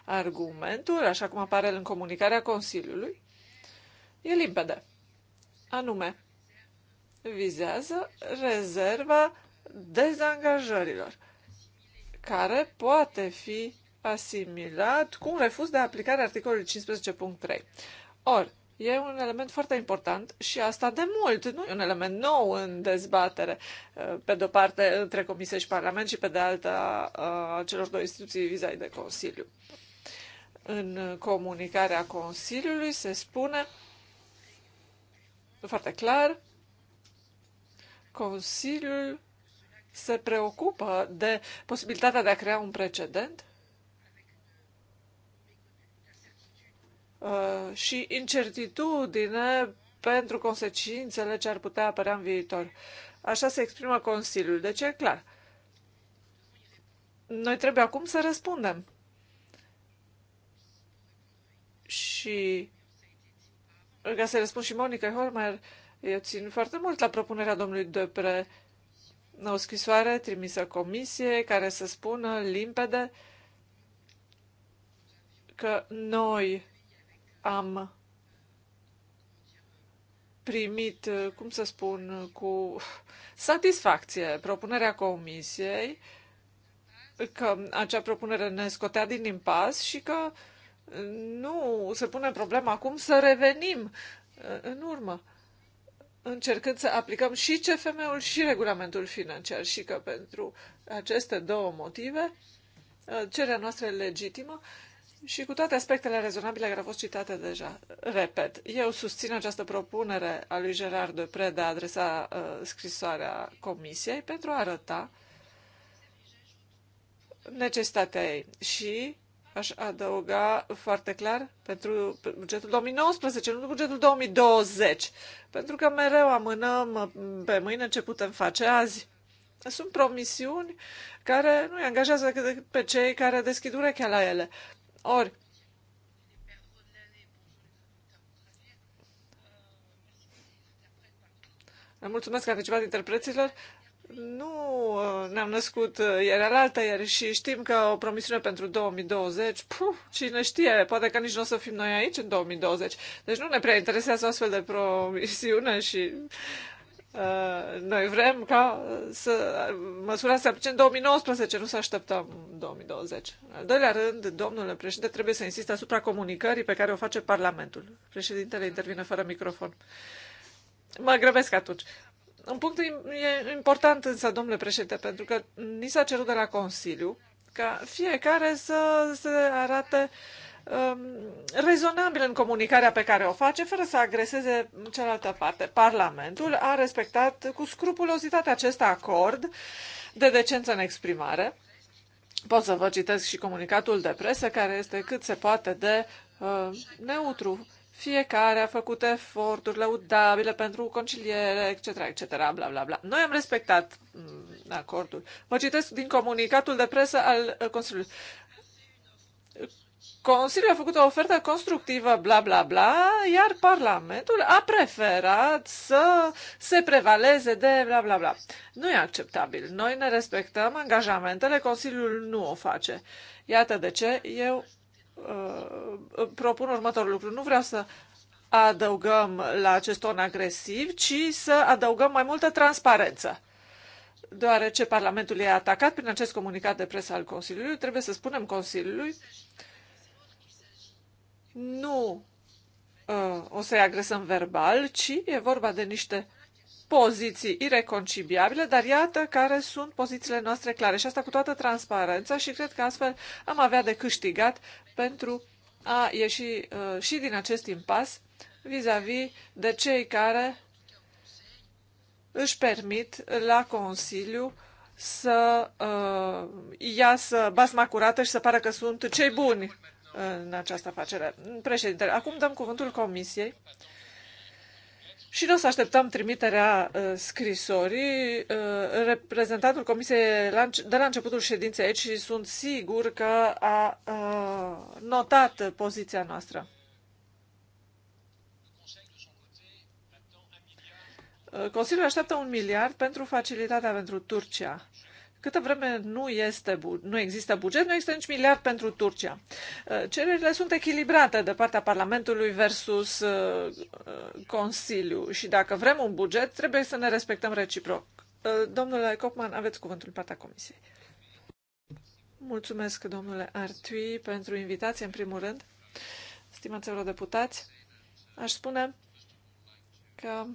Argumentul, așa cum apare în comunicarea Consiliului, e limpede. Anume, vizează rezerva dezangajărilor, care poate fi asimilat cu un refuz de aplicare a articolului 15.3. Or, e un element foarte important și asta de mult, nu e un element nou în dezbatere, pe de-o parte între Comisie și Parlament și pe de alta celor două instituții vizai de Consiliu. În comunicarea Consiliului se spune foarte clar Consiliul se preocupă de posibilitatea de a crea un precedent uh, și incertitudine pentru consecințele ce ar putea apărea în viitor. Așa se exprimă Consiliul. Deci e clar. Noi trebuie acum să răspundem și ca să răspund și Monica Holmer, eu țin foarte mult la propunerea domnului Depre o scrisoare trimisă comisiei care să spună limpede că noi am primit, cum să spun, cu satisfacție propunerea comisiei, că acea propunere ne scotea din impas și că uh, nu se pune problema acum să revenim uh, în urmă, încercând să aplicăm și CFM-ul și regulamentul financiar și că pentru aceste două motive uh, cererea noastră e legitimă și cu toate aspectele rezonabile care au fost citate deja. Repet, eu susțin această propunere a lui Gerard Depre de a adresa uh, scrisoarea comisiei pentru a arăta necesitatea ei și aș adăuga foarte clar pentru bugetul 2019, nu bugetul 2020, pentru că mereu amânăm pe mâine ce putem face azi. Sunt promisiuni care nu îi angajează decât pe cei care deschid urechea la ele. Ori, mulțumesc că a participat interpreților nu uh, ne-am născut uh, ieri altă, ieri și știm că o promisiune pentru 2020, puh, cine știe, poate că nici nu o să fim noi aici în 2020. Deci nu ne prea interesează o astfel de promisiune și uh, noi vrem ca să măsura să aplice în 2019, nu să așteptăm 2020. În al doilea rând, domnule președinte, trebuie să insiste asupra comunicării pe care o face Parlamentul. Președintele intervine fără microfon. Mă grăbesc atunci. Un punct e important însă, domnule președinte, pentru că ni s-a cerut de la Consiliu ca fiecare să se arate um, rezonabil în comunicarea pe care o face, fără să agreseze cealaltă parte. Parlamentul a respectat cu scrupulozitate acest acord de decență în exprimare. Pot să vă citesc și comunicatul de presă, care este cât se poate de uh, neutru fiecare a făcut eforturi lăudabile pentru conciliere, etc., etc., bla, bla, bla. Noi am respectat mm, acordul. Vă citesc din comunicatul de presă al uh, Consiliului. Consiliul a făcut o ofertă constructivă, bla, bla, bla, iar Parlamentul a preferat să se prevaleze de bla, bla, bla. Nu e acceptabil. Noi ne respectăm angajamentele, Consiliul nu o face. Iată de ce eu Uh, propun următorul lucru. Nu vreau să adăugăm la acest ton agresiv, ci să adăugăm mai multă transparență. Deoarece Parlamentul e atacat prin acest comunicat de presă al Consiliului, trebuie să spunem Consiliului nu uh, o să-i agresăm verbal, ci e vorba de niște poziții ireconciliabile, dar iată care sunt pozițiile noastre clare și asta cu toată transparența și cred că astfel am avea de câștigat pentru a ieși uh, și din acest impas vis-a-vis -vis de cei care își permit la Consiliu să uh, iasă basma curată și să pară că sunt cei buni uh, în această afacere. Președinte, acum dăm cuvântul Comisiei și noi o să așteptăm trimiterea uh, scrisorii. Uh, reprezentantul Comisiei de la începutul ședinței aici și sunt sigur că a uh, notat poziția noastră. Uh, Consiliul așteaptă un miliard pentru facilitatea pentru Turcia. Câtă vreme nu, este, nu există buget, nu există nici miliard pentru Turcia. Uh, cererile sunt echilibrate de partea Parlamentului versus uh, uh, Consiliu și dacă vrem un buget, trebuie să ne respectăm reciproc. Domnule Copman, aveți cuvântul în partea Comisiei. Mulțumesc, domnule Artui, pentru invitație, în primul rând. Stimați eurodeputați, aș spune că,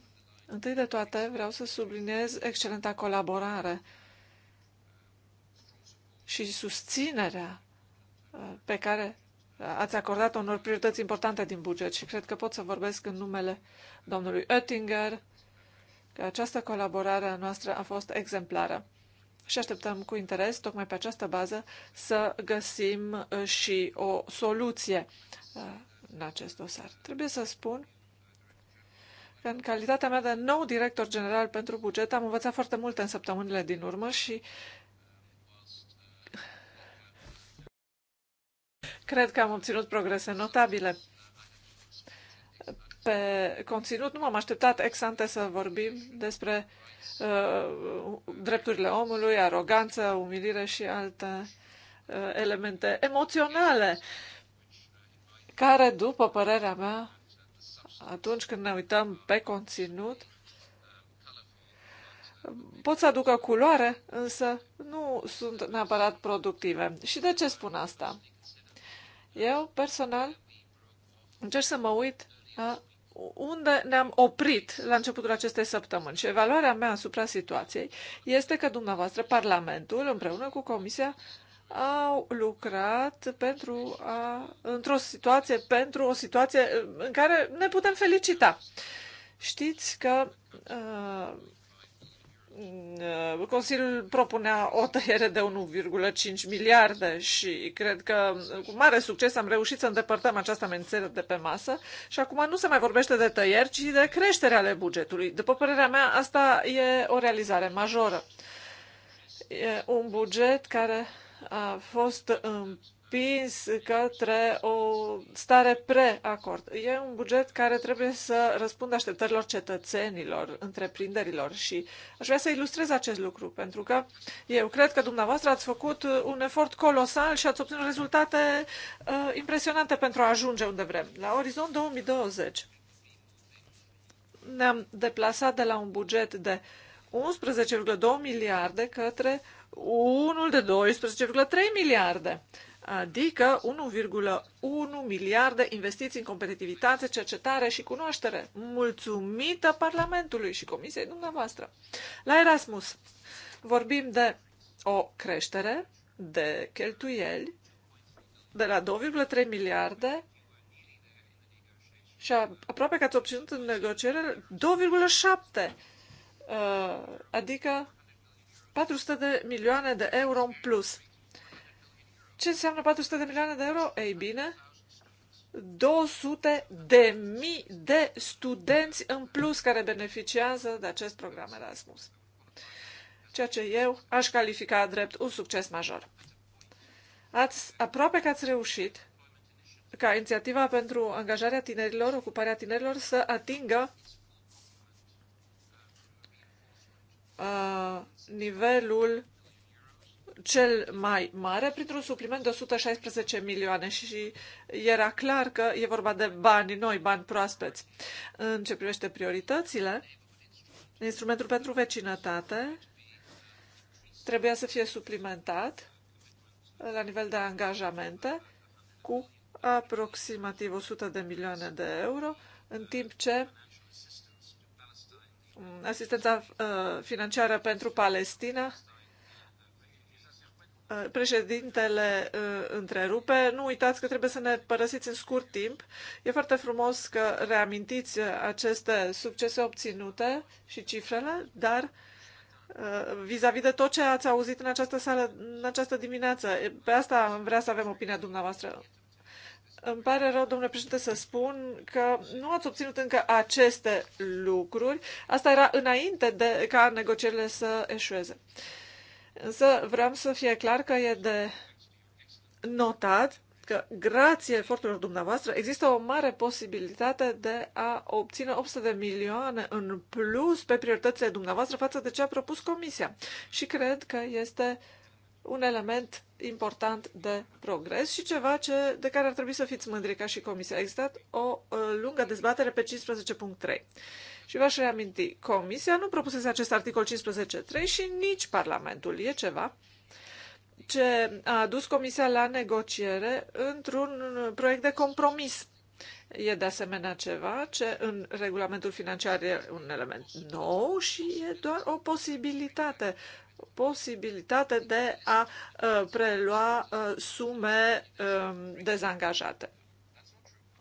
întâi de toate, vreau să subliniez excelenta colaborare și susținerea uh, pe care uh, ați acordat unor priorități importante din buget și cred că pot să vorbesc în numele domnului Oettinger că această colaborare a noastră a fost exemplară și așteptăm cu interes, tocmai pe această bază, să găsim uh, și o soluție în acest dosar. Trebuie să spun că în calitatea mea de nou director general pentru buget am învățat foarte multe în săptămânile din urmă și Cred că am obținut progrese notabile. Pe conținut nu m-am așteptat ex ante să vorbim despre uh, drepturile omului, aroganță, umilire și alte uh, elemente emoționale care, după părerea mea, atunci când ne uităm pe conținut, pot să aducă culoare, însă nu sunt neapărat productive. Și de ce spun asta? Eu, personal, încerc să mă uit la unde ne-am oprit la începutul acestei săptămâni. Și evaluarea mea asupra situației este că dumneavoastră, Parlamentul, împreună cu Comisia, au lucrat pentru a, într-o situație, pentru o situație în care ne putem felicita. Știți că uh, Mm, uh, Consiliul propunea o tăiere de 1,5 miliarde și cred că cu mare succes am reușit să îndepărtăm această amenințare de pe masă și acum nu se mai vorbește de tăieri, ci de creștere ale bugetului. După părerea mea, asta e o realizare majoră. E un buget care a fost în împins către o stare pre-acord. E un buget care trebuie să răspundă așteptărilor cetățenilor, întreprinderilor și aș vrea să ilustrez acest lucru, pentru că eu cred că dumneavoastră ați făcut un efort colosal și ați obținut rezultate uh, impresionante pentru a ajunge unde vrem. La orizont 2020 ne-am deplasat de la un buget de 11,2 miliarde către unul de 12,3 miliarde adică 1,1 miliarde investiții în competitivitate, cercetare și cunoaștere, mulțumită Parlamentului și Comisiei dumneavoastră. La Erasmus vorbim de o creștere de cheltuieli de la 2,3 miliarde și aproape că ați obținut în negociere 2,7, uh, adică 400 de milioane de euro în plus. Ce înseamnă 400 de milioane de euro? Ei bine, 200 de mii de studenți în plus care beneficiază de acest program Erasmus. Ceea ce eu aș califica drept un succes major. Ați, aproape că ați reușit ca inițiativa pentru angajarea tinerilor, ocuparea tinerilor, să atingă uh, nivelul cel mai mare printr-un supliment de 116 milioane și era clar că e vorba de bani noi, bani proaspeți. În ce privește prioritățile, instrumentul pentru vecinătate trebuia să fie suplimentat la nivel de angajamente cu aproximativ 100 de milioane de euro, în timp ce asistența uh, financiară pentru Palestina Președintele uh, întrerupe. Nu uitați că trebuie să ne părăsiți în scurt timp. E foarte frumos că reamintiți uh, aceste succese obținute și cifrele, dar uh, vis-a-vis -vis de tot ce ați auzit în această sală, în această dimineață. Pe asta vrea să avem opinia dumneavoastră. Îmi pare rău, domnule președinte, să spun că nu ați obținut încă aceste lucruri. Asta era înainte de ca negocierile să eșueze. Uh, Însă vreau să fie clar că e de notat că, grație eforturilor dumneavoastră, există o mare posibilitate de a obține 800 de milioane în plus pe prioritățile dumneavoastră față de ce a propus Comisia. Și cred că este un element important de progres și ceva ce, de care ar trebui să fiți mândri ca și Comisia. A existat o uh, lungă dezbatere pe 15.3. Și v-aș reaminti, Comisia nu propusese acest articol 15.3 și nici Parlamentul. E ceva ce a adus Comisia la negociere într-un proiect de compromis. E de asemenea ceva ce în regulamentul financiar e un element nou și e doar o posibilitate posibilitate de a uh, prelua uh, sume um, dezangajate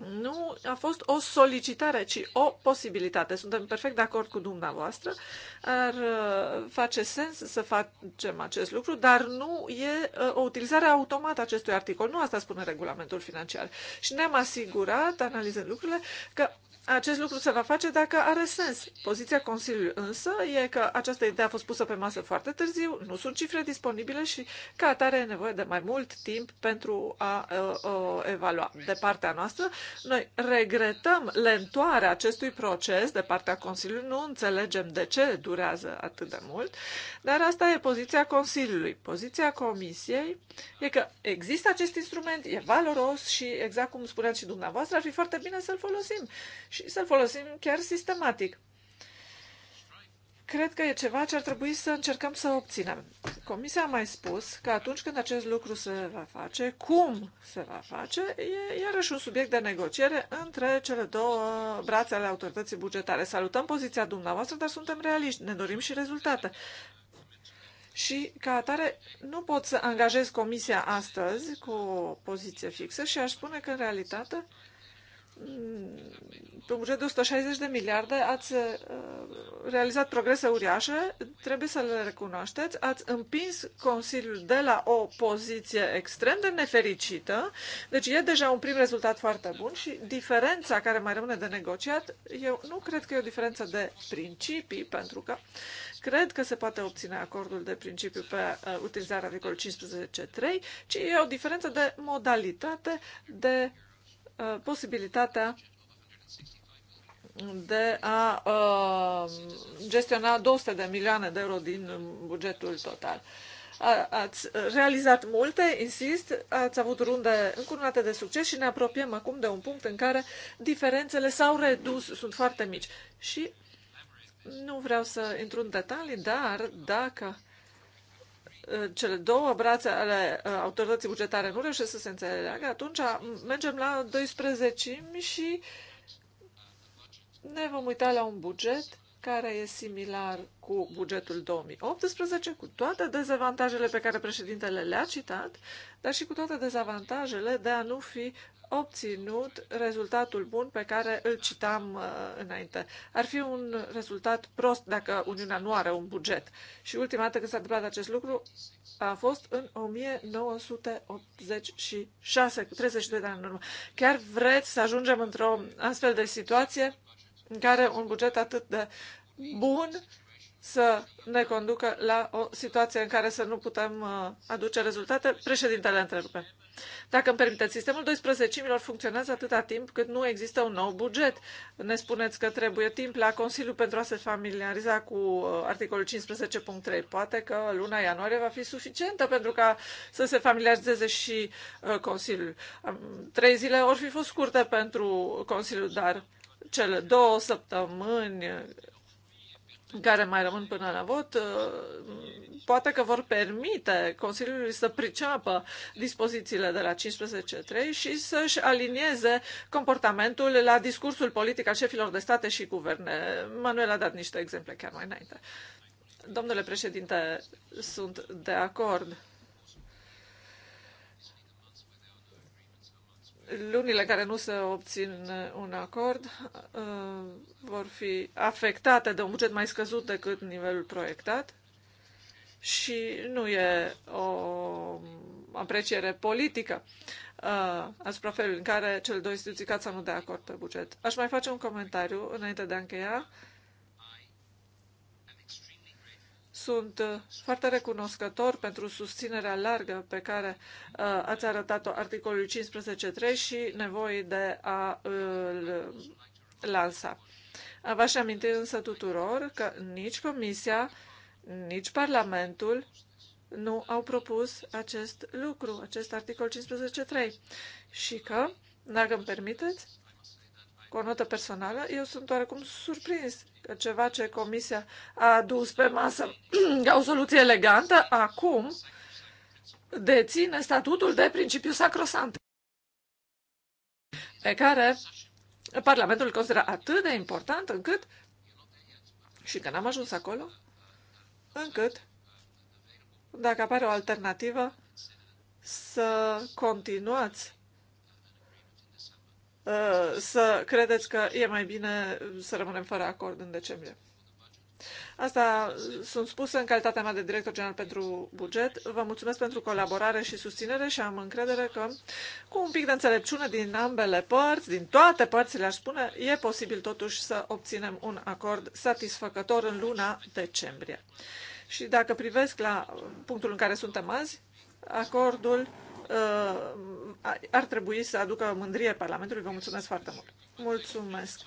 nu a fost o solicitare, ci o posibilitate. Suntem perfect de acord cu dumneavoastră. Ar uh, face sens să facem acest lucru, dar nu e uh, o utilizare automată a acestui articol. Nu asta spune regulamentul financiar. Și ne-am asigurat, analizând lucrurile, că acest lucru se va face dacă are sens. Poziția Consiliului însă e că această idee a fost pusă pe masă foarte târziu, nu sunt cifre disponibile și ca atare e nevoie de mai mult timp pentru a uh, uh, evalua. De partea noastră, noi regretăm lentoarea acestui proces de partea Consiliului, nu înțelegem de ce durează atât de mult, dar asta e poziția Consiliului. Poziția Comisiei e că există acest instrument, e valoros și, exact cum spuneați și dumneavoastră, ar fi foarte bine să-l folosim și să-l folosim chiar sistematic. Cred că e ceva ce ar trebui să încercăm să obținem. Comisia a mai spus că atunci când acest lucru se va face, cum se va face, e iarăși un subiect de negociere între cele două brațe ale autorității bugetare. Salutăm poziția dumneavoastră, dar suntem realiști, ne dorim și rezultate. Și, ca atare, nu pot să angajez comisia astăzi cu o poziție fixă și aș spune că, în realitate, pe un buget de 160 de miliarde ați uh, realizat progrese uriașe, trebuie să le recunoașteți, ați împins Consiliul de la o poziție extrem de nefericită, deci e deja un prim rezultat foarte bun și diferența care mai rămâne de negociat, eu nu cred că e o diferență de principii, pentru că cred că se poate obține acordul de principiu pe uh, utilizarea articolului 15.3, ci e o diferență de modalitate de Uh, posibilitatea de a uh, gestiona 200 de milioane de euro din bugetul total. Ați realizat multe, insist, ați avut runde încurunate de succes și ne apropiem acum de un punct în care diferențele s-au redus, sunt foarte mici. Și nu vreau să intru în detalii, dar dacă Uh, cele două brațe ale uh, autorității bugetare nu reușesc să se înțeleagă, atunci mergem la 12 și ne vom uita la un buget care e similar cu bugetul 2018, cu toate dezavantajele pe care președintele le-a citat, dar și cu toate dezavantajele de a nu fi obținut rezultatul bun pe care îl citam uh, înainte. Ar fi un rezultat prost dacă Uniunea nu are un buget. Și ultima dată când s-a întâmplat acest lucru a fost în 1986, 32 de ani în urmă. Chiar vreți să ajungem într-o astfel de situație în care un buget atât de bun să ne conducă la o situație în care să nu putem uh, aduce rezultate? Președintele întrerupe. Dacă îmi permiteți, sistemul 12 funcționează atâta timp cât nu există un nou buget. Ne spuneți că trebuie timp la Consiliu pentru a se familiariza cu uh, articolul 15.3. Poate că luna ianuarie va fi suficientă pentru ca să se familiarizeze și uh, Consiliul. Trei zile or fi fost scurte pentru Consiliu, dar cele două săptămâni care mai rămân până la vot, uh, poate că vor permite Consiliului să priceapă dispozițiile de la 15.3 și să-și alinieze comportamentul la discursul politic al șefilor de state și guverne. Manuel a dat niște exemple chiar mai înainte. Domnule președinte, sunt de acord lunile care nu se obțin uh, un acord uh, vor fi afectate de un buget mai scăzut decât nivelul proiectat și nu e o apreciere politică uh, asupra felului în care cele două instituții cad sau nu de acord pe buget. Aș mai face un comentariu înainte de a încheia. Uh, sunt uh, foarte recunoscător pentru susținerea largă pe care uh, ați arătat-o articolului 15.3 și nevoie de a îl lansa. V-aș aminti însă tuturor că nici Comisia, nici Parlamentul nu au propus acest lucru, acest articol 15.3 și că, dacă îmi permiteți, o notă personală, eu sunt oarecum surprins că ceva ce Comisia a adus pe masă ca o soluție elegantă, acum deține statutul de principiu sacrosant, pe care Parlamentul îl consideră atât de important încât, și că n-am ajuns acolo, încât, dacă apare o alternativă, să continuați Uh, să credeți că e mai bine să rămânem fără acord în decembrie. Asta sunt spuse în calitatea mea de director general pentru buget. Vă mulțumesc pentru colaborare și susținere și am încredere că cu un pic de înțelepciune din ambele părți, din toate părțile aș spune, e posibil totuși să obținem un acord satisfăcător în luna decembrie. Și dacă privesc la punctul în care suntem azi, acordul Uh, ar trebui să aducă mândrie Parlamentului. Vă mulțumesc foarte mult. Mulțumesc.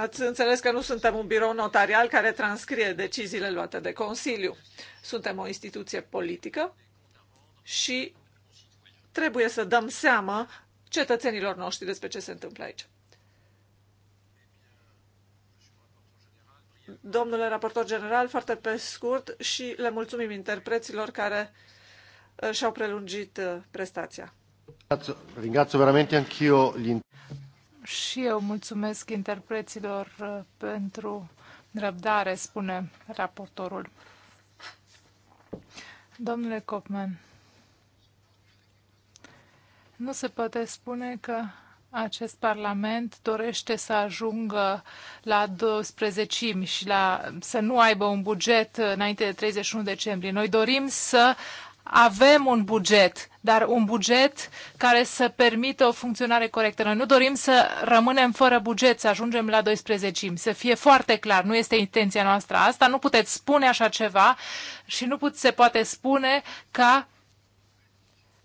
Ați înțeles că nu suntem un birou notarial care transcrie deciziile luate de Consiliu. Suntem o instituție politică și trebuie să dăm seama cetățenilor noștri despre ce se întâmplă aici. Domnule raportor general, foarte pe scurt și le mulțumim interpreților care Uh, și-au prelungit uh, prestația. Ringrazio veramente anch'io gli și eu mulțumesc interpreților uh, pentru răbdare, spune raportorul. Domnule Copman, nu se poate spune că acest Parlament dorește să ajungă la 12 și la, să nu aibă un buget înainte de 31 decembrie. Noi dorim să avem un buget, dar un buget care să permită o funcționare corectă. Noi nu dorim să rămânem fără buget, să ajungem la 12 să fie foarte clar. Nu este intenția noastră asta, nu puteți spune așa ceva și nu put, se poate spune ca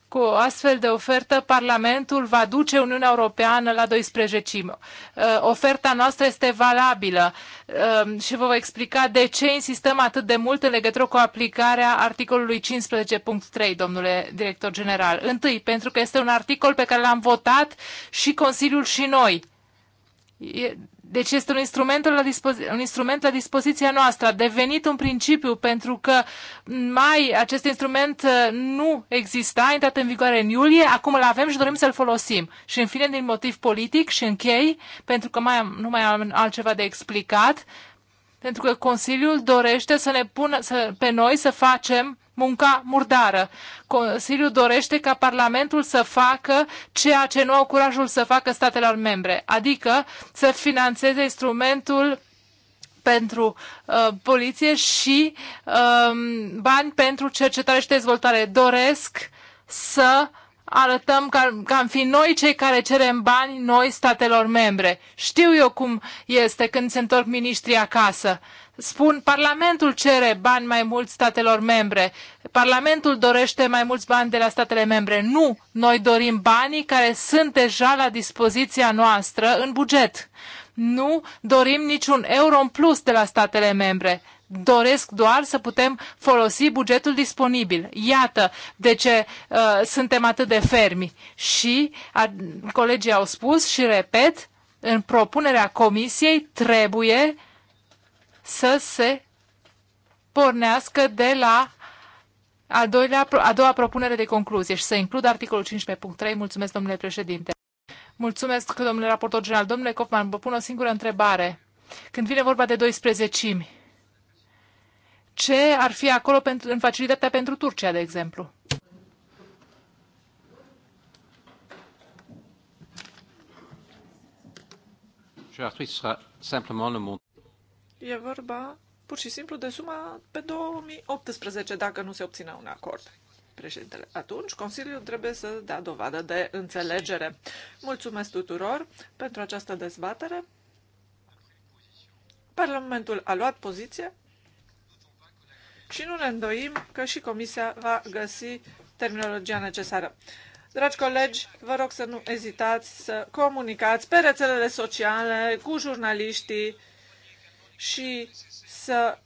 cu o astfel de ofertă, Parlamentul va duce Uniunea Europeană la 12 uh, Oferta noastră este valabilă uh, și vă voi explica de ce insistăm atât de mult în legătură cu aplicarea articolului 15.3, domnule director general. Întâi, pentru că este un articol pe care l-am votat și Consiliul și noi deci este un instrument, la dispozi- un instrument la dispoziția noastră, a devenit un principiu pentru că mai acest instrument uh, nu exista, a intrat în vigoare în iulie, acum îl avem și dorim să-l folosim. Și în fine, din motiv politic și închei, pentru că mai am, nu mai am altceva de explicat, pentru că Consiliul dorește să ne pună să, pe noi să facem munca murdară. Consiliul dorește ca Parlamentul să facă ceea ce nu au curajul să facă statelor membre, adică să financeze instrumentul pentru uh, poliție și uh, bani pentru cercetare și dezvoltare. Doresc să arătăm ca, ca am fi noi cei care cerem bani noi statelor membre. Știu eu cum este când se întorc miniștrii acasă. Spun, Parlamentul cere bani mai mulți statelor membre. Parlamentul dorește mai mulți bani de la statele membre. Nu, noi dorim banii care sunt deja la dispoziția noastră în buget. Nu dorim niciun euro în plus de la statele membre doresc doar să putem folosi bugetul disponibil. Iată de ce uh, suntem atât de fermi. Și a, colegii au spus și repet, în propunerea comisiei trebuie să se pornească de la a, doilea, a doua propunere de concluzie și să includă articolul 15.3. Mulțumesc, domnule președinte. Mulțumesc, domnule raportor general. Domnule Kofman, vă pun o singură întrebare. Când vine vorba de 12 -mi, ce ar fi acolo pentru, în facilitatea pentru Turcia, de exemplu? E vorba pur și simplu de suma pe 2018, dacă nu se obține un acord. Președintele, atunci Consiliul trebuie să dea dovadă de înțelegere. Mulțumesc tuturor pentru această dezbatere. Parlamentul a luat poziție și nu ne îndoim că și Comisia va găsi terminologia necesară. Dragi colegi, vă rog să nu ezitați să comunicați pe rețelele sociale, cu jurnaliștii și să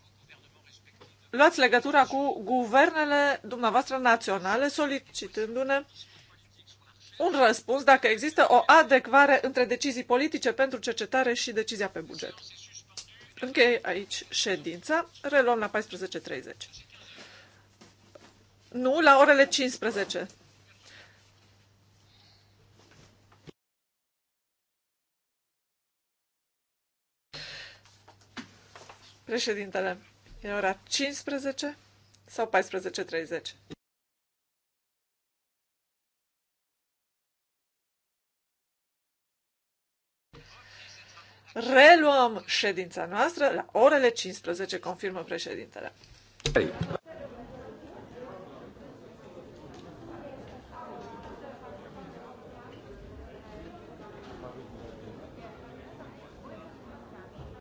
luați legătura cu guvernele dumneavoastră naționale solicitându-ne un răspuns dacă există o adecvare între decizii politice pentru cercetare și decizia pe buget. Închei aici ședința. Reluăm la 14.30. Nu, la orele 15. Președintele, e ora 15 sau 14.30? Reluăm ședința noastră la orele 15, confirmă președintele.